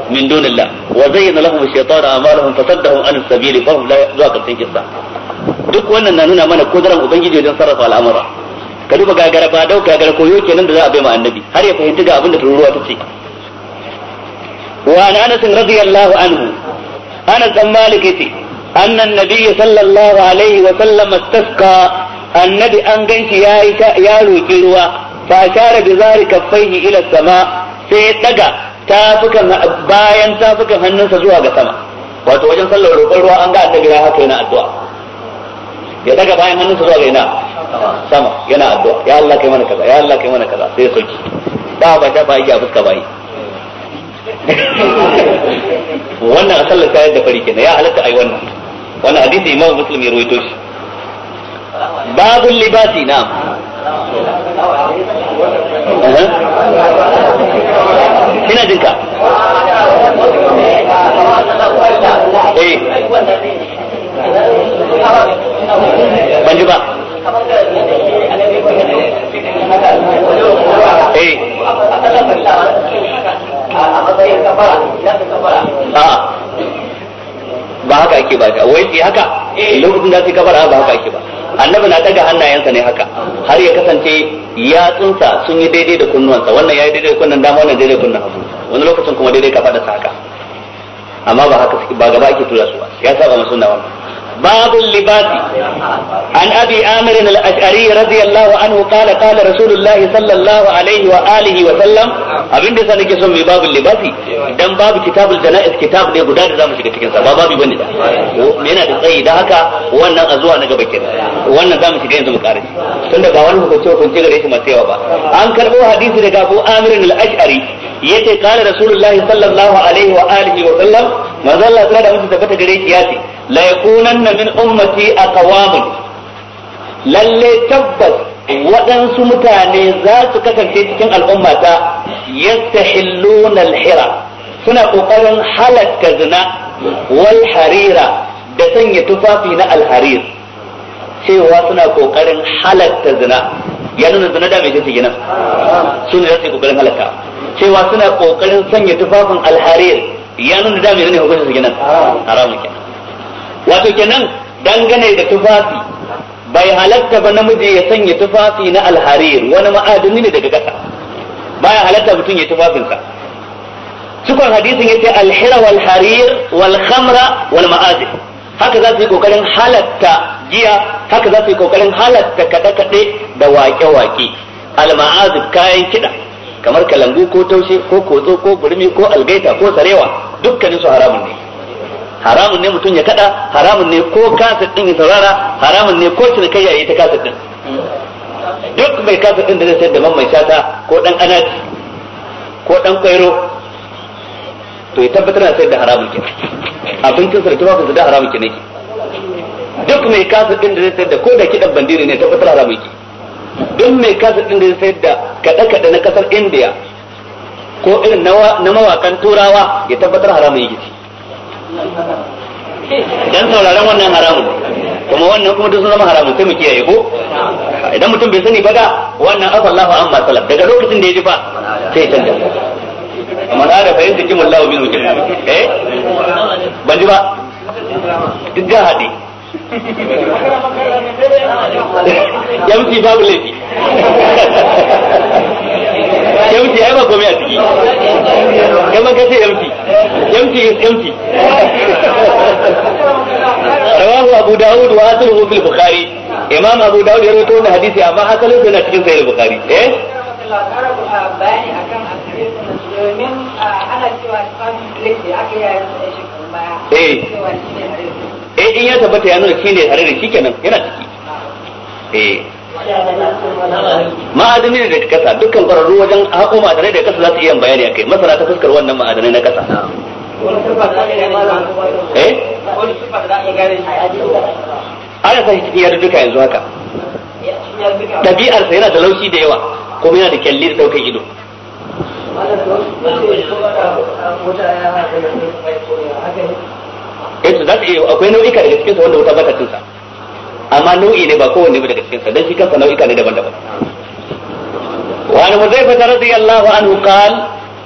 min dunillah wa zayyana lahum ash-shaytanu a'malahum fasaddahum an as-sabil fa hum la yaqdun kisa duk wannan na nuna mana kudaran ubangiji wajen sarrafa al'amura ka duba gagara ba dau gagara koyo kenan da za a bai ma annabi har ya fahimci ga abin da turuwa ta ce wa ana anas radiyallahu anhu anas dan malik yace anna an sallallahu alaihi wa sallam istasqa annabi an ganshi yayi ya roki ruwa fa ashara bi zari kaffaihi ila sama sai ya daga tafukan bayan tafukan hannunsa zuwa ga sama wato wajen sallar roƙon ruwa an ga annabi ya haka yana addu'a ya daga bayan hannun hannunsa zuwa ga ina sama yana addu'a ya Allah kai mana kaza ya Allah kai mana kaza sai ya sauki ba ba ta ba ya fuska bai wannan a sallar tayar da fari kenan ya halatta ai wannan wannan hadisi imamu muslim ya rawaito shi babul libasi na kina jinka eh ke haka eh, lokacin da su kabara ba haka ake ba annabi na daga hannayensa ne haka har ya kasance yatsunsa sun yi daidai da kunnuwansa wannan ya yi daidai da kunnan dama wannan daidai da kunnan hagu wani lokacin kuma daidai kafa da haka amma ba haka ba gaba ake tura su ba ya saba masu na wannan باب اللباس عن أبي آمر الأشعري رضي الله عنه قال قال رسول الله صلى الله عليه وآله وسلم abin da sani ke son babu libasi dan babu kitabul janaiz kitab ne guda da zamu shiga cikin sa ba babu da yana da tsayi da haka wannan a zuwa na gaba kenan wannan zamu shiga yanzu mu kare tunda ba wani hukunci hukunci gare shi masu yawa ba an karɓo hadisi daga Abu Amir al yace qala rasulullahi sallallahu alaihi wa alihi wa sallam manzo Allah ya da mutum tabbata gare shi yace la yakunanna min ummati aqwam lalle tabbas waɗansu mutane za su kasance cikin al'ummata yastahilluna al-hira suna kokarin halatta zina wal harira da sanya tufafi na al-harir cewa suna kokarin halatta zina ya zina da mai gina su ne za su yi kokarin halatta cewa suna kokarin sanya tufafin alharir ya nuna da ne hukunci su kenan haramun kenan wato kenan dangane da tufafi bai halatta ba namiji ya sanya tufafi na alharir wani ma'adani ne daga kasa baya halatta mutum ya tufafinsa cikon hadisin ya ce alhira wal harir wal khamra wal haka za su yi kokarin halatta giya haka za su yi kokarin halatta kaɗe-kaɗe da waƙe-waƙe al maazib kayan kiɗa kamar kalangu ko taushe ko kotso ko burmi ko algaita ko sarewa dukkanin su haramun ne haramun ne mutum ya kada haramun ne ko kaset din ya saurara haramun ne ko cinikayya ya ta kaset din duk mai kaset din da zai sayar da man mai shata ko dan anati ko dan kwairo to ya tabbatar da sayar da haramun ke abincin sa da ku da haramun ke ne duk mai kaset din da zai sayar da ko da kidan bandire ne tabbatar haramun ke duk mai kasa din da ya sayar da kaɗe-kaɗe na ƙasar indiya ko irin na mawakan turawa ya tabbatar haramun yi dan sauraron wannan haramun kuma wannan kuma duk sun zama haramun sai mu kiyaye ko idan mutum bai sani ba da wannan afallahu amma salam daga lokacin da ya ji fa sai ya canja amma na da fahimta kimun lahu min wujud eh ban ji ba duk jahadi yamci babu laifi ya ai ya komai a ciki kai ma kace yamci yamci yamci rawahu abu wa asluhu fil bukhari imam abu daud ya rawaito wannan hadisi amma asalin yana cikin sahih bukhari eh domin ah, ana cewa eh in ya tabbata ya nuna shi ne tare da shi kenan yana ciki eh ma'adani da kasa dukkan kwararru wajen haƙo ma'adanai da kasa za su iya bayani kai, masana ta fuskar wannan ma'adanai na kasa eh ana sa shi cikin yarduka yanzu haka ɗabi'arsa yana da laushi da yawa kuma yana da kyalli da ɗaukar ido ya eh, ce za ta iya akwai nau'ika daga cikin sa wanda wuta ba ta cinsa amma nau'i ne ba kowanne ba daga cikin sa shi kansa nau'ika ne daban-daban huzaifa ta razi radiyallahu anhu qal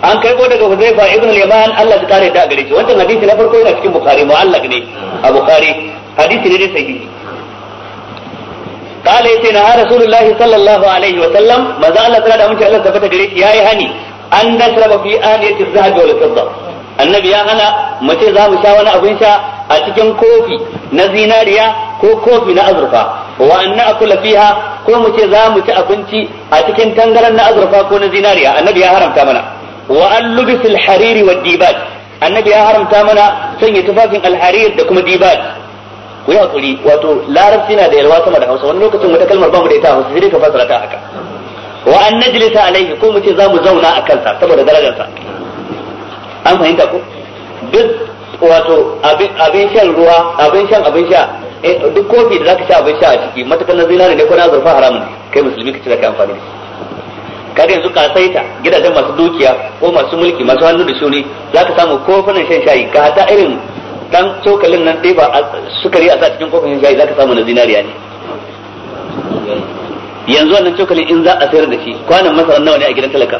an kai ko daga huzaifa ibn al-yaman Allah ta kare da gare shi wannan hadisi na farko yana cikin bukhari mu'allaq ne a bukhari hadisi ne sahihi قال يتنا رسول الله صلى الله عليه وسلم ما زال الله تعالى من شاء الله hani an يا هني أن نشرب في آنية الذهب والفضة annabi ya hana mace za mu sha wani abin sha a cikin kofi na zinariya ko kofi na azurfa wa anna akula fiha ko mu ce za mu ci abinci a cikin tangaran na azurfa ko na zinariya annabi ya haramta mana wa an lubisul wa dibat annabi ya haramta mana sanya tufafin alharir da kuma dibat ku yi hakuri wato larabci na da yalwa sama da hausa wani lokacin wata kalmar ba mu da ita hausa sai ka fasara ta haka wa an alaihi ko mu ce za mu zauna a kansa saboda darajarsa an fahimta ko duk wato abin shan ruwa abin shan abin sha eh, duk kofi da zaka sha abin sha a ciki matakan na zinari ne ko na zurfa haramun kai musulmi ka ci da kai amfani ka ga kaga yanzu kasaita gidajen masu dukiya ko masu mulki masu hannu da shuni zaka samu kofunan shan shayi ka hata irin dan cokalin nan ba sukari a sa cikin kofin shayi zaka samu na zinariya ne yanzu wannan cokalin in za a sayar da shi kwanan masara nawa ne a gidan talaka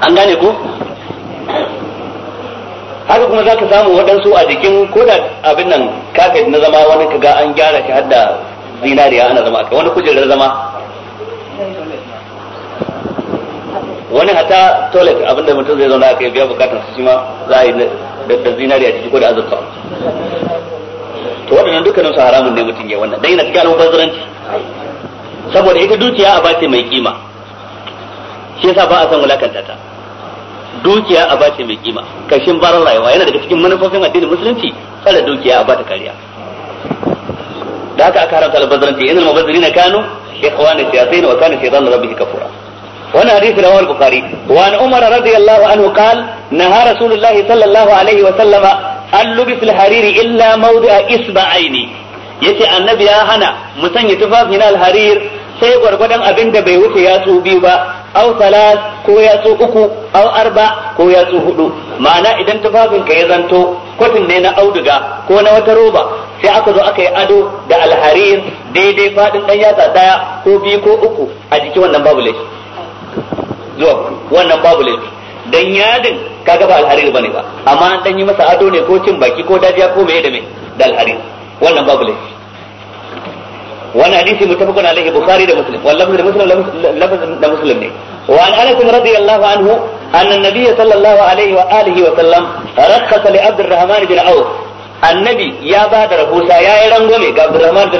an gane ko haka kuma zaka samu waɗansu a jikin ko da abin nan kafet na zama wani kaga an gyara shi har da zinariya ana zama wani kujerar zama wani hata toilet abinda mutum zai zauna aka yi biya bukatar su ma za a yi da zinariya ciki ko da azurfa to waɗannan dukkanin su haramun ne mutum ya wannan dai na cikin almubazzaranci saboda ita dukiya a bace mai kima shi yasa ba a san wulakanta ta dukiya a ce mai kima kashin baran rayuwa yana daga cikin manufofin addinin musulunci tsara dukiya a ta kariya da haka aka haramta albazaranci inal mubazzirina kanu ikhwana shayatin wa kana shaytanu rabbih kafura wannan hadisi rawahu bukari bukhari wa an umar radiyallahu anhu qala naha rasulullahi sallallahu alaihi wa sallama an lubis al-hariri illa mawdi'a isba'aini yace annabi ya hana mu sanya tufafi na al sai gwargwadon abin da bai wuce yatsu biyu ba aw salat ko yatsu uku aw arba ko yatsu hudu ma'ana idan tufafin ka ya zanto kwatin ne na auduga ko na wata roba sai aka zo aka yi ado da alharir daidai fadin dan yatsa daya ko biyu ko uku a jiki wannan babu laifi zuwa wannan babu laifi dan yadin kaga ba alharir bane ba amma an dan yi masa ado ne ko cin baki ko dajiya ko mai da da alharir wannan babu laifi wani hadisi muttafaqun alaihi bukhari da muslim wal lafz da muslim lafz da muslim ne wa an anas radiyallahu anhu أن النبي صلى الله عليه وآله وسلم رخص لعبد الرحمن بن عوف النبي يا بعد ربوسا يا رنغومي عبد الرحمن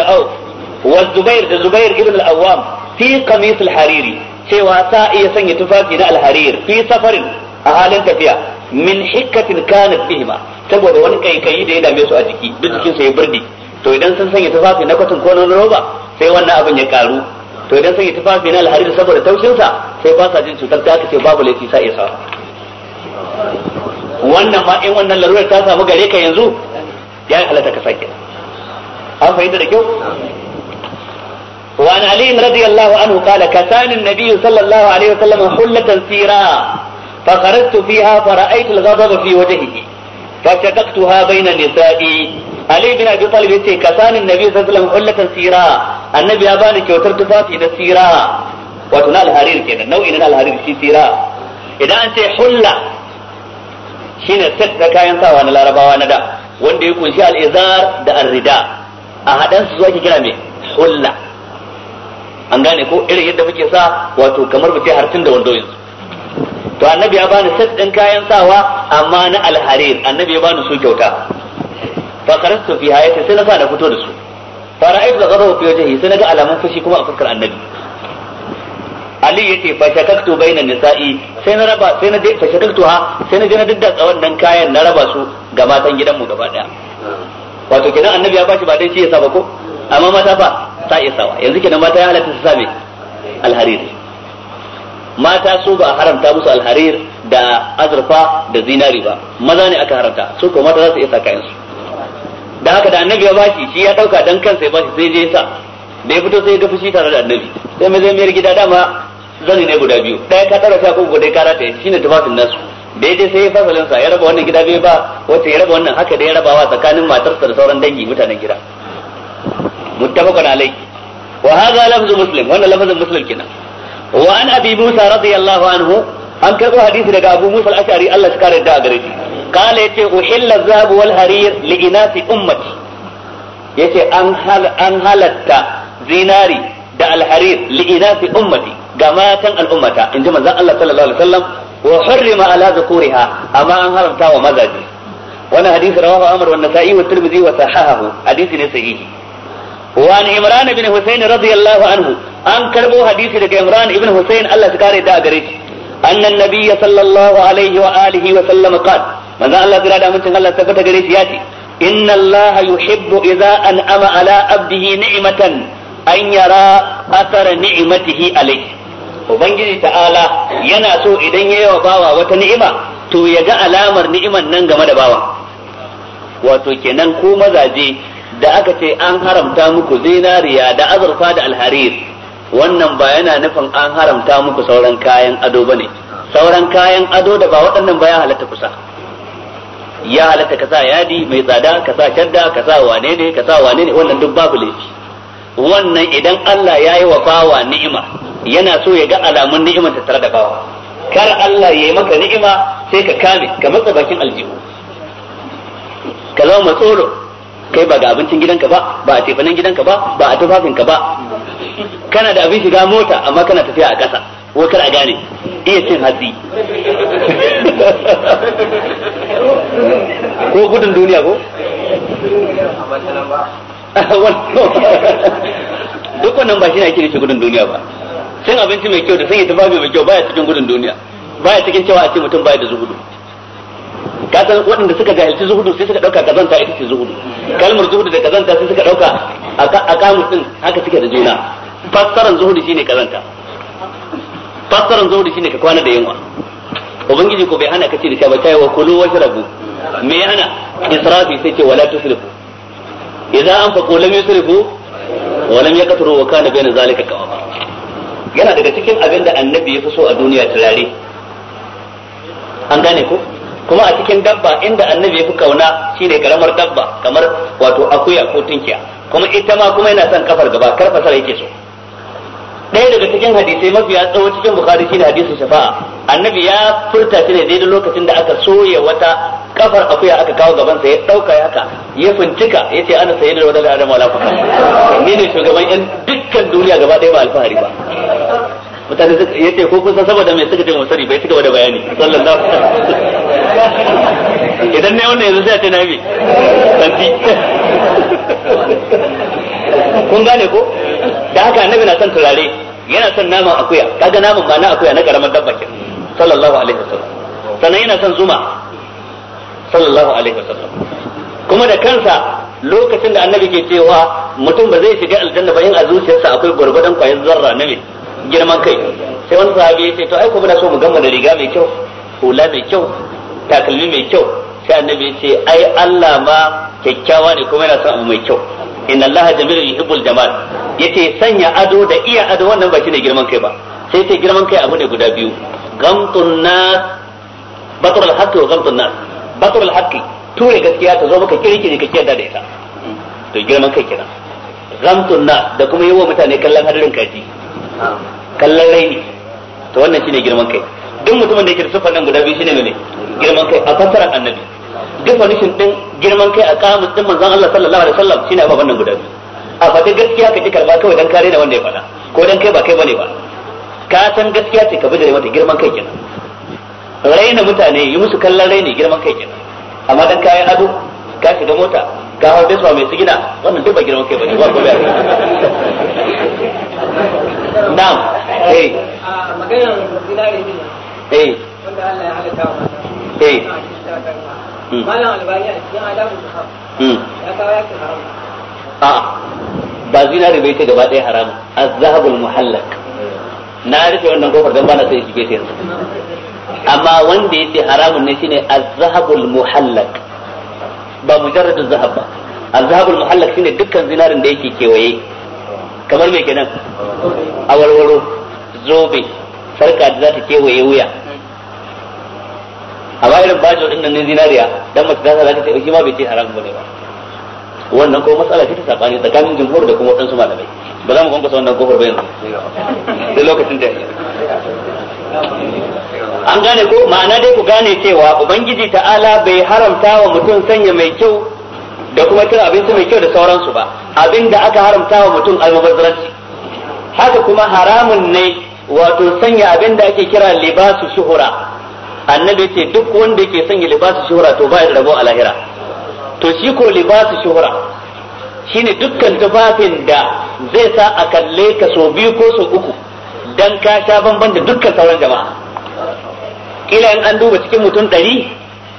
da Zubair Ibn al-Awwam, fi في al-Hariri, cewa sa iya sanya tufafi na alharir fi safarin a halin tafiya min hikkatin kanat bihima saboda wani kai da ya dame su a jiki duk jikinsu ya birni to idan sun sanya tufafi na kwatin ko na roba sai wannan abin ya karu to idan sanya tufafi na alhari saboda taushinsa sai ba sa jin cutar ta ce babu laifi sa isa wannan ma in wannan larurar ta samu gare ka yanzu ya yi halatta ka sake an fahimta da kyau وعن علي رضي الله عنه قال كساني النبي صلى الله عليه وسلم حلة سيرا فخرجت فيها فرأيت الغضب في وجهه فشققتها بين نسائي Ali bin Abi Talib yace kasanin Nabi sallallahu alaihi wasallam ullatan sira annabi ya bani kyautar tufafi na sira wato na alharir kenan nau'i na alharir shi sira idan an ce hulla shine set da kayan sawa na larabawa na da wanda ya kunshi al-izar da ar-rida a hadan su zaki kira me hulla an gane ko irin yadda muke sa wato kamar mu ce harcin da wando yanzu to annabi ya bani set din kayan sawa amma na harir annabi ya bani su kyauta fa qarastu fi hayati sai na sa na fito da su fa da ghadabu fi wajhi sai na ga alamun fushi kuma a fuskar annabi Ali yace fa shakaktu baina nisa'i sai na raba sai na je fa shakaktu ha sai na je na tsawon wannan kayan na raba su ga matan gidanmu gaba daya wato kenan annabi ya bashi ba dai shi ya saba ko amma mata ba ta iya wa yanzu kenan mata ya halatta su same alharir mata su ba haramta musu alharir da azurfa da zinari ba maza ne aka haramta su ko mata za su iya sa kayan su da haka da annabi ya bashi shi ya dauka dan kansa ya bashi sai je sa da ya fito sai ga fushi tare da annabi sai mai zai gida dama zani ne guda biyu daya ka tsara ko guda ka shi ne tufafin nasu da ya je sai ya fasalin sa ya raba wannan gida bai ba wace ya raba wannan haka da ya rabawa tsakanin matarsa da sauran dangi mutanen gida muttafaqun alai wa hadha lafzu muslim wannan lafzin muslim kenan wa an abi musa radiyallahu anhu an karɓo hadisi daga abu musa al Allah shi kare da gare shi kala yace uhilla zabu wal harir li inasi ummati yace an an halatta zinari da al-harir li inasi ummati ga matan al'ummata inji manzon Allah sallallahu alaihi wasallam wa harrima ala zakuriha amma an haramta wa mazaji wannan hadisi rawahu amr wa nasa'i wa tirmidhi wa sahahahu hadisi ne sahihi وعن عمران بن حسين رضي الله عنه أن كربو حديث لك عمران بن حسين da تكاري دا غريش أن النبي صلى الله عليه وآله وسلم قال من ذا الله ترى دامن الله ثبت قريش إن الله يحب إذا أنعم على عبده نعمة أن يرى أثر نعمته عليه Ubangiji ta'ala yana so idan ya yi wa bawa wata ni'ima to ya ga alamar ni'iman nan game da bawa. Wato kenan ko mazaje da aka ce an haramta muku zinariya da azurfa da alharir wannan ba yana nufin an haramta muku sauran kayan ado ba ne sauran kayan ado da ba waɗannan ba ya halatta kusa ya halatta ka sa yadi mai tsada ka sa shadda ka sa wane ne ka sa wane ne wannan duk babu laifi wannan idan Allah ya yi wa bawa ni'ima yana so ya ga alamun ni'imar tare da bawa kar Allah ya yi maka ni'ima sai ka kame ka matsa bakin aljihu ka zama matsoro kai ba ga abincin gidanka ba ba a tefanin gidanka ba ba a tufafinka ba kana da abin shiga mota amma kana tafiya a ƙasa wai kar a gane iya cin hatsi ko gudun duniya ko duk wannan ba shi ne ake nufi gudun duniya ba cin abinci mai kyau da sanya tufafi mai kyau baya cikin gudun duniya baya cikin cewa a ce mutum baya da zuhudu kasan waɗanda suka jahilci zuhudu sai suka ɗauka kazanta ita ce zuhudu kalmar zuhudu da kazanta sai suka ɗauka a kamus din haka suke da juna fassaran zuhudi shine kazanta fassaran zuhudi shine ka kwana da yunwa ubangiji ko bai hana ka ce da shaba tayi wa kulu wa shrabu me yana israfi sai ce wala tusrifu idan an faqo lam yusrifu wa lam yaqturu wa kana bayna zalika qawama yana daga cikin abin da annabi ya fi so a duniya turare an gane ko kuma a cikin dabba inda annabi ya fi kauna shine karamar dabba kamar wato akuya ko tunkiya kuma ita ma kuma yana son kafar gaba karfasar yake so ɗaya daga cikin hadisai mafiya tsawo cikin bukhari shine hadisin shafa'a annabi ya furta shi ne daidai lokacin da aka soya wata kafar akuya aka kawo gaban sa ya dauka ya haka ya fincika yace ana sayyid da wadal adam wala fuka ni ne shugaban yan dukkan duniya gaba ɗaya ba alfahari ba mutane suka yace ko kun san saboda mai suka ce musari bai suka da bayani sallallahu alaihi idan ne wannan yanzu sai a ce na santi kun gane ko da haka annabi na son turare yana son naman akuya kaga naman ba na akuya na karamar dabba ke sallallahu alaihi wasallam sannan yana son zuma sallallahu alaihi wasallam kuma da kansa lokacin da annabi ke cewa mutum ba zai shiga aljanna ba in a zuciyarsa akwai gwargwadon kwayan zarra na me girman kai sai wani sahabi ya ce to ai kuma na so mu gama da riga mai kyau hula mai kyau takalmi mai kyau sai annabi ya ce ai Allah ma kyakkyawa ne kuma yana son abu mai kyau inna allaha jamilun yuhibbul jamal yace sanya ado da iya ado wannan ba shine girman kai ba sai yace girman kai abu ne guda biyu gamtun nas batrul haqqi wa gamtun nas batrul haqqi ture gaskiya ta zo maka kirki ne ka kiyar da ita to girman kai kenan gamtun nas da kuma yawo mutane kallon hadarin kaji kallon raini to wannan shine girman kai duk mutumin da yake da sufan nan guda biyu shine mene girman kai a fassarar annabi definition din girman kai a kamus din manzon Allah sallallahu alaihi wasallam shine ababan nan guda biyu a faɗi gaskiya ka ji karba kawai dan kare da wanda ya fada ko dan kai ba kai bane ba ka san gaskiya ce ka bijire mata girman kai kenan raina mutane yi musu kallon raini girman kai kenan amma dan kai ado ka shiga mota ka hau da mai su wannan duk ba girman kai bane ba bai na'am eh maganar zinare ne eh wanda Allah ya halitta wa eh a ce a ba zinari bai ce gaba ɗaya haram azzahabul muhallak na rufe wannan kofar don bana sai shige ta yanzu amma wanda yace haramun ne shine azzahabul muhallak ba mujarrad zahab ba azzahabul muhallak shine dukkan zinarin da yake kewaye kamar me kenan awarwaro zobe sarka da za ta kewaye wuya amma irin bajo din nan ne zinariya dan mace ta sa zaka ce shi ma bai ce haram bane ba wannan ko matsala ce ta sabani tsakanin jumhur da kuma wadansu malamai ba za mu kwankwasa wannan kofar ba yanzu lokacin da an gane ko ma'ana dai ku gane cewa ubangiji ta'ala bai haramta wa mutum sanya mai kyau da kuma cin abinci mai kyau da sauransu ba abin da aka haramta wa mutum almubazzaranci haka kuma haramun ne wato sanya abin da ake kira libasu shuhura annabi ce duk wanda yake sanya libasu shuhura to ba ya rabo a lahira to shi ko libasu shuhura shine dukkan tufafin da zai sa a kalle ka so biyu ko so uku dan ka sha banban da dukkan sauran jama'a kila in an duba cikin mutum ɗari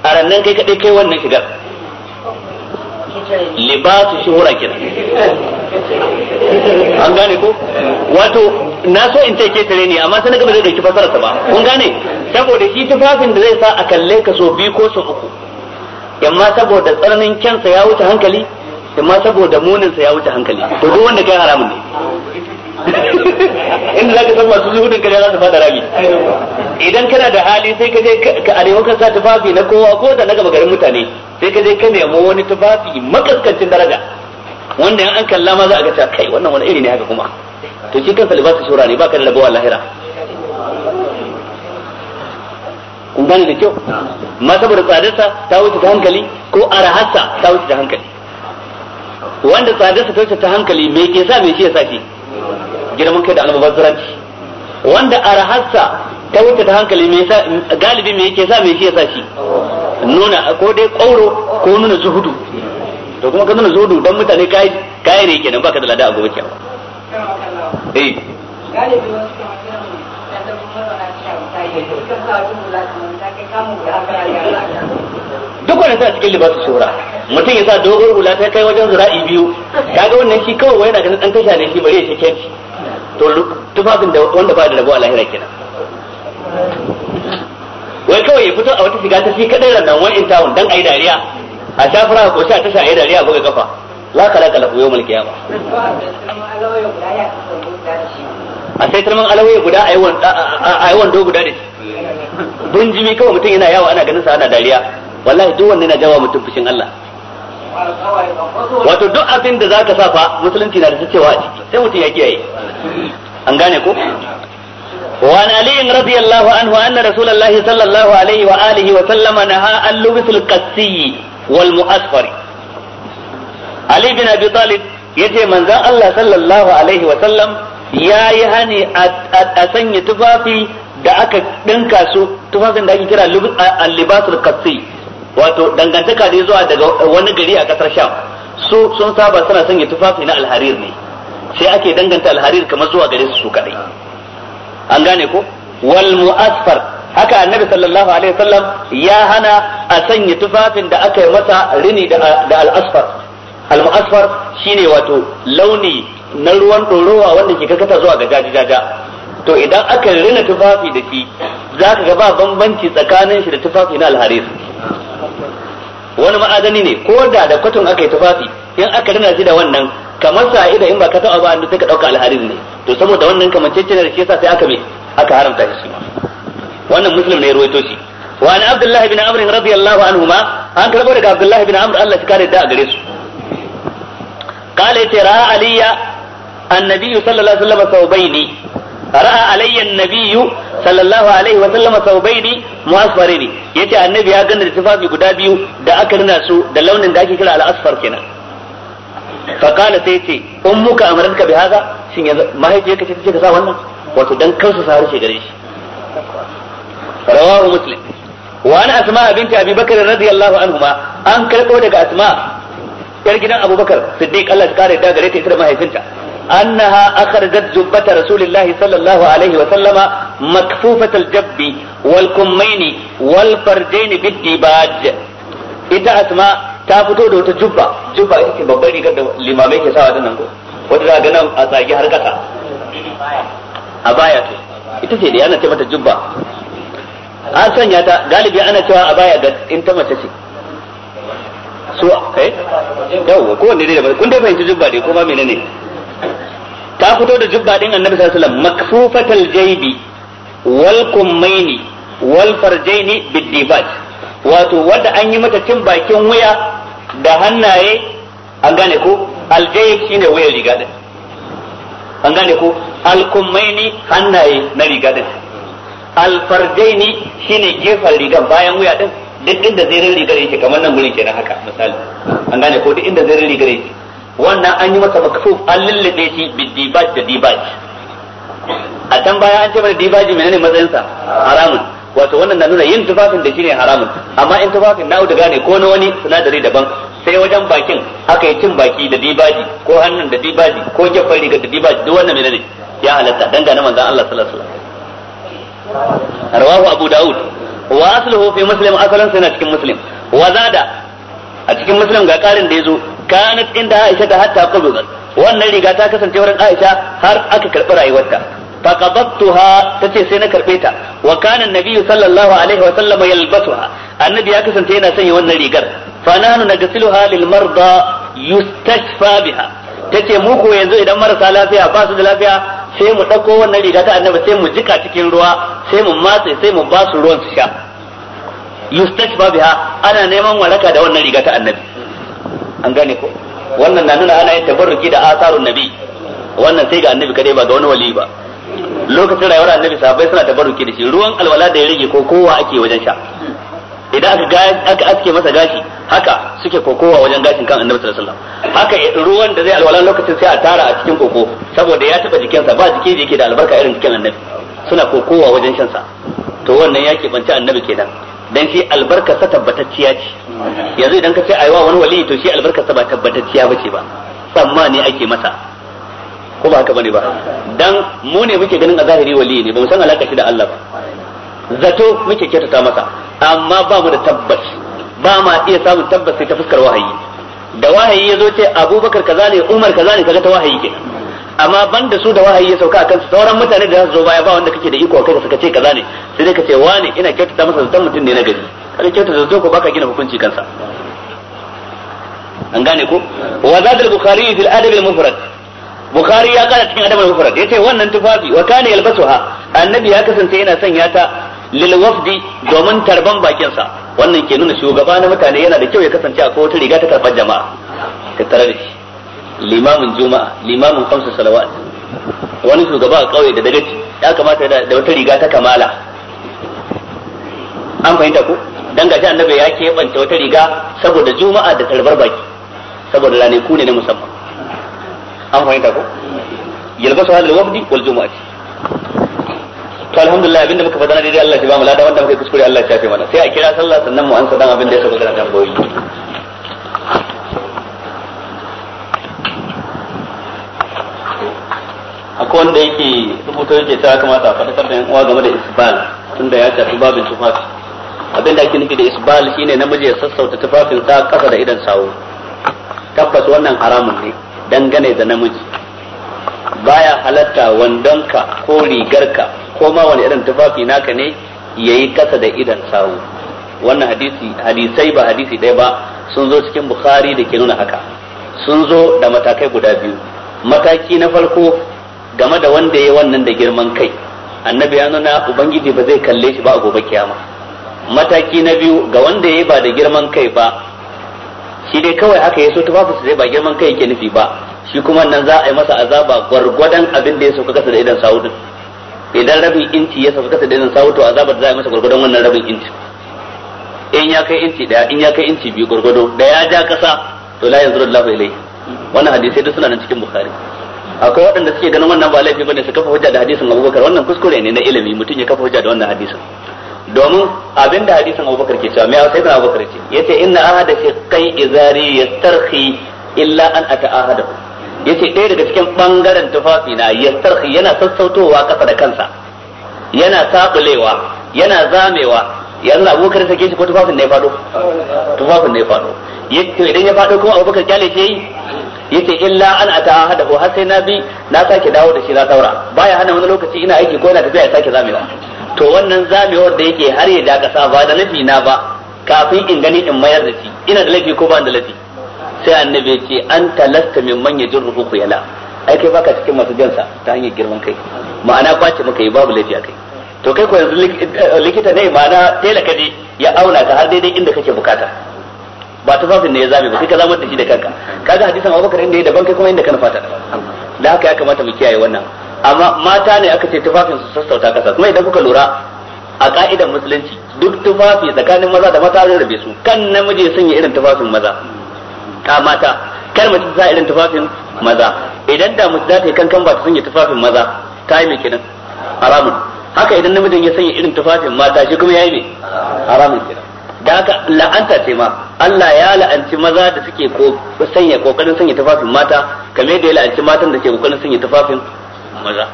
a rannan kai kaɗai kai wannan shigar libasu shuhura kenan an gane ko wato na so in ce tare ne amma sai na gaba zai dauki ta ba kun gane saboda shi tufafin da zai sa a kalle ka so biyu ko so uku yamma saboda tsananin kyansa ya wuce hankali yamma saboda muninsa ya wuce hankali to duk wanda kai haramun ne inda zaka san masu zuhudin ka za su fada rami idan kana da hali sai ka je ka arewa ka sa tufafi na kowa ko da na gaba garin mutane sai ka je ka nemo wani tufafi makaskancin daraja wanda in an kalla ma za a ga ta kai wannan wani iri ne haka kuma to shi kansa libasa shura ne baka da rabuwa lahira kun gane da kyau amma saboda tsadarsa ta wuce ta hankali ko arahasa ta wuce ta hankali wanda tsadarsa ta wuce ta hankali me ke sa me shi ya sa ke girman kai da almubazzaranci wanda arahasa ta wuce ta hankali me sa galibi me ke sa me shi ya sa shi nuna ko dai kauro ko nuna zuhudu to kuma ka nuna zuhudu dan mutane kai kai ne kenan baka da lada a gobe kyawa eh galibi duk wanda sa cikin libasu shura mutum ya sa dogon hula ta kai wajen zura'i biyu kaga wannan shi kawai wai yana ganin dan tasha ne shi bari ya shike shi to tufafin da wanda ba da rabo a lahira kenan wai kawai ya fito a wata shiga ta shi kadai rannan wani in tawun dan ayi dariya a shafara ko sha tasha ayi dariya buga kafa la kala kala mulkiya ba a sai kalman alawai guda a yi wando guda da shi bun jimi kawai mutum yana yawa ana ganin sa ana dariya wallahi duk wanne na jawa mutum fushin Allah wato duk abin da zaka sa fa musulunci na da su cewa a ciki sai mutum ya kiyaye an gane ko an ali رضي anhu anna rasulullahi sallallahu alaihi wa alihi wa sallama naha نهى عن qassi wal mu'asfar ali bin abi talib yace manzon Allah sallallahu alaihi wa sallam ya yi hani a sanya tufafi da aka ɗinka su tufafin da ake kira al-libasul qassi wato dangantaka ne zuwa daga wani gari a kasar sham su sun saba suna sanya tufafi na alharir ne sai ake danganta alharir kamar zuwa gare su su kadai an gane ko wal mu'asfar haka annabi sallallahu alaihi wasallam ya hana a sanya tufafin da aka yi masa rini da al-asfar al-mu'asfar shine wato launi na ruwan ɗorowa wanda ke kakata zuwa ga jajajaja to idan aka rina tufafi da shi za ka gaba bambanci tsakanin shi da tufafi na alharis wani ma'adani ne ko da da kwaton aka yi tufafi in aka rina shi da wannan kamar sa idan in ba ka taɓa ba an sai ka ɗauka alharis ne to saboda wannan kamar cecenar shi yasa sai aka me aka haramta shi wannan muslim ne ya ruwaito shi wa an abdullahi bin amr radiyallahu anhuma an karbo daga abdullahi bin amr Allah ya kare da a gare su قال ترى علي annabi sallallahu alaihi wasallam saubaini ra'a alayya annabi sallallahu alaihi wasallam saubaini muasfarini yace annabi ya ganda da tufafi guda biyu da aka rina su da launin da ake kira al-asfar kenan fa qala sai yace ummuka amaratka bi hada shin yanzu mahaifiyarka ce take ka sa wannan wato dan kansa sa harshe gare shi rawahu muslim wa ana asma binti abi bakr radiyallahu anhuma an karbo daga asma yar gidan abubakar siddiq Allah ya kare da gare ta ita da mahaifinta أنها أخرجت جبة رسول الله صلى الله عليه وسلم مكفوفة الجب والكمين والفرجين بالديباج ita asma ta da wata jubba jubba ita ce babbar rigar da limamai ke sawa nan ko wanda za ga a tsage har kasa a baya to ita ce da yana ce mata jubba an sanya ta galibi ana cewa a baya ga in ta mace ce so eh yawa kowanne dai da kun dai fahimci jubba dai ko ma menene ne ta fito da jubba din annabi sallallahu alaihi wasallam makfufatal jaybi wal kummaini wal farjaini bidibat wato wanda an yi mata cin bakin wuya da hannaye an gane ko al jayb shine wayar riga din an gane ko al kummaini hannaye na riga din al farjaini shine gefen riga bayan wuya din duk inda zairin rigar yake kamar nan gurin kenan haka misali an gane ko duk inda zairin rigar yake wannan an yi masa makasuf an lullube shi bi dibaj da dibaj a can baya an ce mana dibaji menene matsayinsa haramun wato wannan na nuna yin tufafin da shine haramun amma in tufafin na auduga ne ko na wani sinadari daban sai wajen bakin aka yi cin baki da dibaji ko hannun da dibaji ko gefen riga da dibaji duk wannan menene ya halatta dangane manzon Allah sallallahu alaihi wasallam rawahu abu daud wa asluhu fi muslim asalan sai na cikin muslim wa zada a cikin muslim ga karin da yazo kanat inda Aisha ta hatta qubidat wannan riga ta kasance wurin Aisha har aka karbi rayuwarta faqadattuha tace sai na karbe ta wa kana annabi sallallahu alaihi wa sallam yalbasuha annabi ya kasance yana sanya wannan rigar fa nahnu nagsiluha lil marda yustashfa biha tace mu ko yanzu idan marasa lafiya ba su da lafiya sai mu dauko wannan riga ta annabi sai mu jika cikin ruwa sai mu matse sai mu ba su ruwan su sha yustashfa biha ana neman waraka da wannan riga ta annabi an gane ko wannan na nuna ana yin tabarruki da asarun nabi wannan sai ga annabi kadai ba ga wani wali ba lokacin rayuwar annabi sahabbai suna tabarruki da shi ruwan alwala da ya rage ko kowa ake wajen sha idan aka aka aske masa gashi haka suke kokowa wajen gashin kan annabi sallallahu alaihi wasallam haka ruwan da zai alwala lokacin sai a tara a cikin koko saboda ya taba jikinsa ba jiki da yake da albarka irin jikin annabi suna kokowa wajen shan sa to wannan ya keɓanci annabi kenan dan shi albarka sa tabbatacciya ce yanzu idan ka ce aiwa wani wali to shi albarkarsa ba tabbatacciya ce ba tsammani ake masa ko ba haka bane ba dan mu ne muke ganin a zahiri wali ne ba mu san alaka shi da Allah ba zato muke ta masa amma ba mu da tabbas ba ma iya samun tabbas sai ta fuskar wahayi da wahayi ya zo ce abubakar kaza ne umar kaza ne kaga ta wahayi ke. amma ban da su da wahayi ya sauka akan sauran mutane da za su zo baya ba wanda kake da iko kai suka ce kaza ne sai dai ka ce wane ina ta masa zaton mutum ne na gari kada kyauta da zato ko baka gina hukunci kansa an gane ko wa al bukhari al adab al mufrad bukhari ya kada cikin adab al mufrad yace wannan tufafi wa kana yalbasuha annabi ya kasance yana sanya ta lil wafdi domin tarban bakin sa wannan ke nuna shugaba na mutane yana da kyau ya kasance a kowace riga ta karban jama'a ta tare da shi limamin juma'a limamin kamsa salawat wani shugaba a kauye da dagaci ya kamata da wata riga ta kamala an fahimta ko dan gashi annabi ya keɓanta wata riga saboda juma'a da tarbar baki saboda ku ne na musamman an fahimta ko yalbasu hadal wabdi wal juma'ati to alhamdulillah abinda muka fada dai Allah ya ba mu lada wanda muka kuskure Allah ya shafe mana sai a kira sallah sannan mu ansa dan abin da ya saba da tambayoyi akwai wanda yake rubuta yake ta kamata a faɗakar da yan uwa game da isbal tunda ya tafi babin tufafi abinda ake nufi da isbal shine namiji ya sassauta tufafin sa kasa da idan sawo tabbas wannan haramun ne dangane da namiji baya halatta wandonka ko rigarka ko ma wani irin tufafi naka ne yayi kasa da idan sawo wannan hadisi hadisai ba hadisi ɗaya ba sun zo cikin bukhari da ke nuna haka sun zo da matakai guda biyu mataki na farko game da wanda ya wannan da girman kai annabi ya nuna ubangiji ba zai kalle shi ba a gobe kiyama mataki na biyu ga wanda ya ba da girman kai ba shi dai kawai haka ta tufafinsa zai ba girman kai yake nufi ba shi kuma nan za a yi masa azaba gwargwadon abin da ya sauka kasa da idan sautu idan rabin inci ya sauka kasa da idan sawudu da za a yi masa gwargwadon wannan rabin inci in ya kai inci daya in ya kai inci biyu gwargwado da ya ja kasa to la yanzu Allah ilai wannan hadisi duk suna nan cikin bukhari akwai waɗanda suke ganin wannan ba laifi bane su kafa hujja da hadisin Abubakar wannan kuskure ne na ilimi mutum ya kafa hujja da wannan hadisin domin abinda hadisin Abubakar ke cewa me sai da Abubakar ce yace inna ahada kai izari yastarhi illa an aka Ya yace ɗaya daga cikin bangaren tufafi na yastarhi yana sassautowa ƙasa da kansa yana sabulewa yana zamewa yanzu Abubakar sake shi ko tufafin ne ya fado tufafin ne ya fado yace idan ya fado kuma Abubakar kyale shi Ya yace illa an aka ko har sai na bi na sake dawo da shi na saura baya hana wani lokaci ina aiki ko ina tafiya ya sake zamewa to wannan zamewar da yake har ya ja kasa ba da lafi na ba kafin in gani in mayar da shi ina da lafi ko ba da lafi sai annabi ya ce an talasta min man jin jirru yala ai kai baka cikin masu jansa ta hanyar girman kai ma'ana kwace maka yi babu lafi a kai to kai ko yanzu eh, likita ne ma'ana tela ka je ya auna ka har daidai inda kake bukata ba tufafin ne ya zame ba kai ka zama da shi da kanka kaga hadisan Abubakar inda ya daban kai kuma inda kana fata da haka ya kamata mu kiyaye wannan amma mata ne aka ce tufafin su sassauta kasa kuma idan kuka lura a ka'idar musulunci duk tufafi tsakanin maza da mata zai rabe su kan namiji ya sanya irin tufafin maza ta mata kar mace ta irin tufafin maza idan da mace za ta yi kankan ba ta sanya tufafin maza ta yi mai kenan haramun haka idan namijin ya sanya irin tufafin mata shi kuma ya yi mai haramun kenan da haka la'anta ce ma Allah ya la'anci maza da suke sanya kokarin sanya tufafin mata kamar da ya la'anci matan da ke kokarin sanya tufafin maza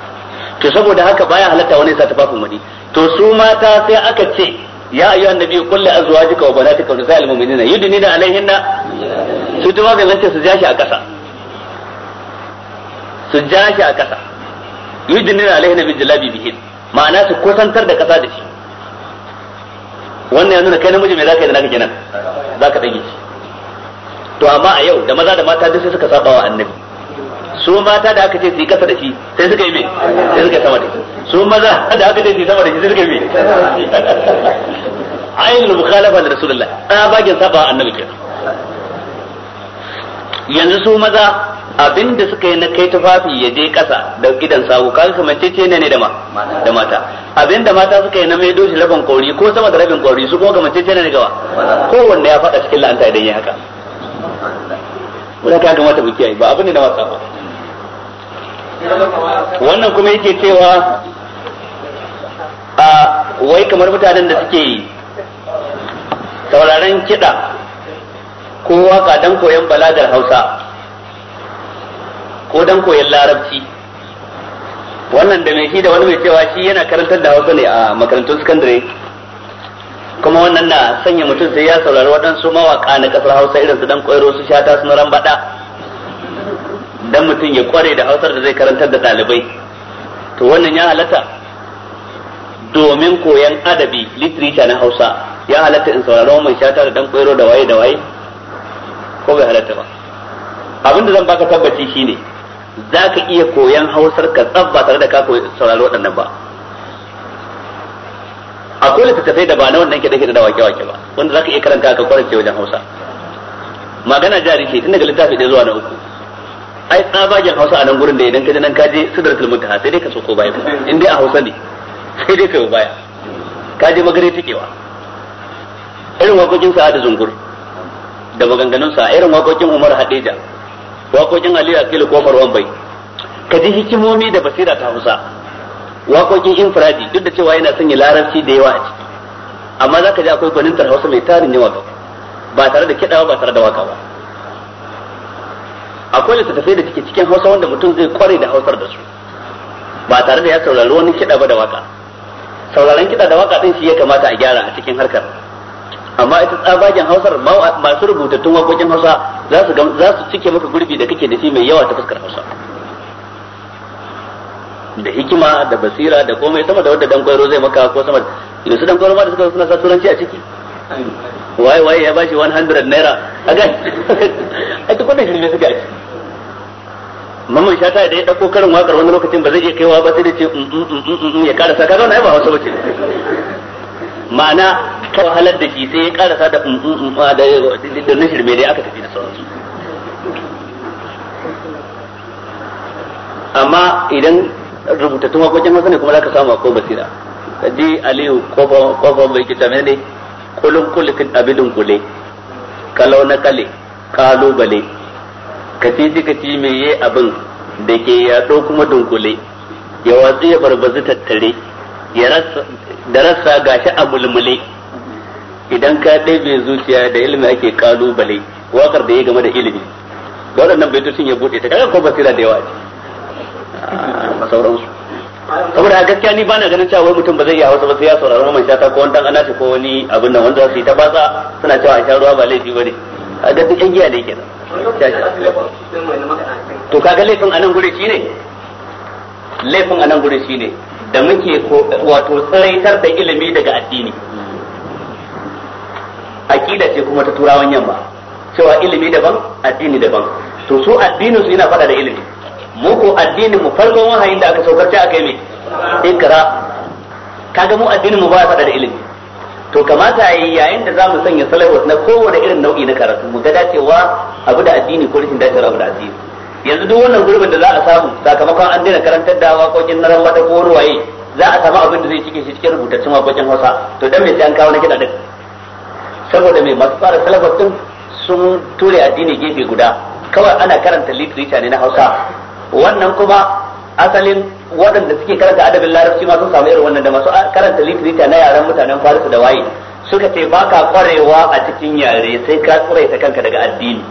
to saboda haka baya halatta wani sa tafafin wani to su mata sai aka ce ya ayu annabi qul azwajika wa banatika wa nisa'il mu'minina yudnina alaihinna su tufafin nan su ja shi a kasa su jashi a kasa yudnina alaihinna bi jalabi bihin ma'ana su kusantar da kasa da shi wannan ya nuna kai namiji mai zaka yi da naka kenan zaka dage shi to amma a yau da maza da mata duk sai suka saba wa annabi su mata da aka ce su yi kasa da shi sai suka yi me sai suka sama da shi su maza da aka ce su yi sama da shi sai suka yi me ainul mukhalafa da rasulullah tsabagen saba annabi kenan yanzu su maza abinda suka yi na kai tufafi ya je kasa da gidan sawu kaga kamar cece ne da da mata abinda mata suka yi na mai doshi rabin kauri ko sama da rabin kauri su kuma kamar cece ne gawa kowanne ya faɗa cikin la'anta idan ya haka wanda ka kamata mu kiyaye ba abin da na wasa ba wannan kuma yake cewa a wai kamar mutanen da suke yi. sauraron kiɗa ko waka dan koyon balagar hausa ko dan koyon larabci wannan da mai shi da wani mai cewa shi yana karantar da hausa ne a makarantun sakandare kuma wannan na sanya mutum sai ya saurari waɗansu mawaƙa na ƙasar hausa irin su dan koyar su shata su na rambaɗa dan mutum ya kware da hausar da zai karantar da ɗalibai to wannan ya halatta domin koyan adabi literature na hausa ya halatta in sauraron mai shata da dan kwairo da waye da waye ko bai halatta ba abin da zan baka tabbaci shine za ka iya koyan hausar ka tsab ba tare da ka koyi sauraro waɗannan ba akwai littattafai da ba na wannan kiɗa kiɗa da wake wake ba wanda za ka iya karanta ka kwarance wajen hausa magana jari ce tun daga littafi ɗaya zuwa na uku ai tsabagen hausa a nan gurin da idan ka nan kaje sidar sidratul muntaha sai dai ka soko baya in dai a hausa ne sai dai ka yi baya kaje magare tikewa irin wakokin sa'ada zungur da maganganun sa irin wakokin umar hadija wakokin ali akil ko marwan bai ka ji hikimomi da basira ta hausa wakokin infiradi duk da cewa yana sanya larabci da yawa a ciki amma zaka ji akwai gwanintar hausa mai tarin yawa ba tare da kidawa ba tare da waka ba akwai littattafai da suke cikin hausa wanda mutum zai kware da hausar da su ba tare da ya saurari wani kiɗa ba da waka sauraron kiɗa da waka ɗin shi ya kamata a gyara a cikin harkar amma ita tsabagen hausar masu rubutattun waƙoƙin hausa za su cike maka gurbi da kake da shi mai yawa ta fuskar hausa da hikima da basira da komai sama da wadda dan kwairo zai maka ko sama da yanzu dan kwairo ma da suka suna sa turanci a ciki waye waye ya bashi 100 naira kaga ai duk wannan shirme suka aiki mamman shata da ya dauko karin wakar wani lokacin ba zai iya kaiwa ba sai da ce mm, mm, mm, ya karasa kaga wannan ai ba wasu bace ma'ana ta wahalar da shi sai ya karasa ah, da da na shirme dai aka tafi da sauransu amma idan rubutattun wakokin wasu ne kuma za ka samu ko basira kaji aliyu kofa kofa bai kita ne kulun kulikin abidin kule kalau na kale kalubale kaci kaci me ye abin da ke yaɗo kuma dunkule ya watsi ya barbazu tattare da rassa gashi a mulmule idan ka ɗebe zuciya da ilimi ake kalubale wakar da ya game da ilimi da waɗannan baitocin ya buɗe ta kaga ko basira da yawa ce ah, sauransu saboda a gaskiya ni bana ganin cewa wai mutum ba zai yi hausa ba sai ya saurari mai shata ko wani dan shi ko wani abin nan wanda su yi ta batsa suna cewa a sha ruwa ba laifi ne a ga duk yan giya ne kenan to kaga laifin a nan gure shine laifin a nan gure shine da muke wato tsaraitar da ilimi daga addini aqida ce kuma ta turawan yamma cewa ilimi daban addini daban to su addinin su yana fada da ilimi mu ko addinin mu farkon wahayin da aka saukar ta aka yi ikra kaga mu addinin mu ba ya fada da ilimi to kamata yi yayin da zamu sanya salawat na kowane irin nau'i na karatu mu ga dacewa abu da addini ko rashin dacewa abu da addini yanzu duk wannan gurbin da za a samu sakamakon an daina karantar da waƙoƙin na rawata ko waye, za a samu abin da zai cike shi cikin rubutaccen waƙoƙin Hausa to dan mai sai an kawo na kiɗa din saboda mai masu fara salafat din sun ture addini gefe guda kawai ana karanta literature ne na Hausa wannan kuma asalin waɗanda suke karanta adabin larabci ma sun samu irin wannan da masu karanta litirita na yaren mutanen farisu da waye suka ce ba ka kwarewa a cikin yare sai ka tsiraita kanka daga addini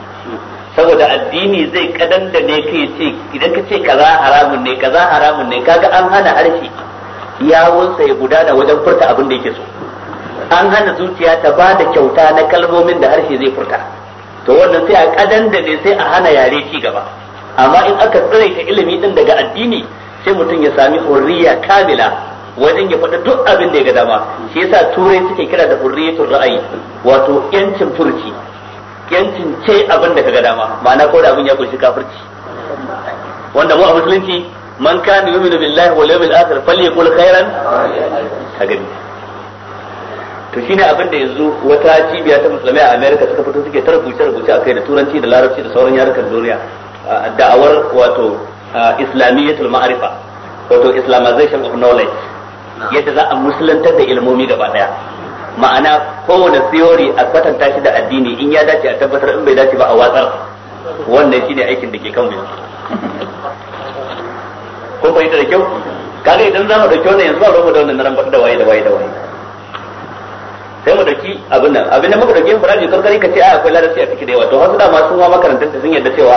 saboda addini zai kadan da ne kai ce idan ka ce kaza haramun ne kaza haramun ne kaga an hana harshe yawunsa ya gudana wajen furta abin da yake so an hana zuciya ta ba da kyauta na kalmomin da harshe zai furta to wannan sai a kadan da ne sai a hana yare ci gaba amma in aka tsiraita ilimi din daga addini sai mutum ya sami hurriya kamila wajen ya faɗa duk abin da ya ga dama shi yasa turai suke kira da hurriyatul ra'ayi wato yancin furci yancin ce abin da ga dama ma'ana ko da abin ya kunshi kafirci wanda mu a musulunci man kana yu'minu billahi wal yawmil akhir falyakul khairan kaga to shine abin da yanzu wata cibiya ta musulmai a America suka fito suke ta rubuce rubuce akai da turanci da larabci da sauran yarukan duniya da'awar wato islamiyyatul ma'arifa wato islamization of knowledge yadda za a musulantar da ilmomi gaba daya ma'ana kowane theory a kwatanta shi da addini in ya dace a tabbatar in bai dace ba a watsar wannan shine aikin da ke kan yanzu kun fahimta da kyau kaga idan za mu dauki wannan yanzu ba mu da wannan naran da waye da waye da waye sai mu dauki abin nan abin da muka dauki faraji karkari ka ce ai akwai larabci a ciki da yawa to wasu da masu ma makarantar sun yarda cewa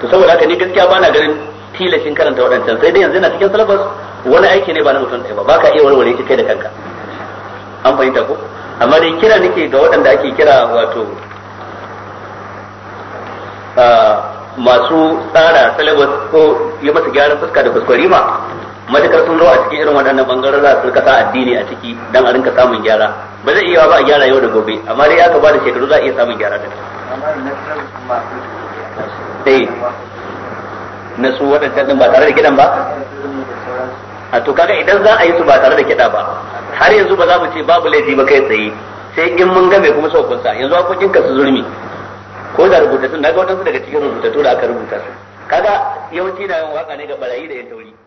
to saboda haka ni gaskiya ba na ganin tilashin karanta waɗancan sai dai yanzu na cikin salabas wani aiki ne ba na mutum ɗaya ba baka iya warware shi kai da kanka an fahimta ko amma dai kira nake ga waɗanda ake kira wato masu tsara salabas ko yi masa gyaran fuska da fuskwari ma matakar sun zo a cikin irin waɗannan bangaren za su sa addini a ciki dan a rinka samun gyara ba zai iya ba a gyara yau da gobe amma dai aka ba da shekaru za a iya samun gyara da sai na su waɗancan ɗin ba tare da kiɗan ba a to kaga idan za a yi su ba tare da kiɗa ba har yanzu ba za mu ce babu laifi ba kai tsaye sai in mun game kuma sau kunsa yanzu a ka su zurmi ko da rubutattun na ga waɗansu daga cikin rubutattu da aka rubuta su kaga yawanci na yawan waka ne ga barayi da yan tauri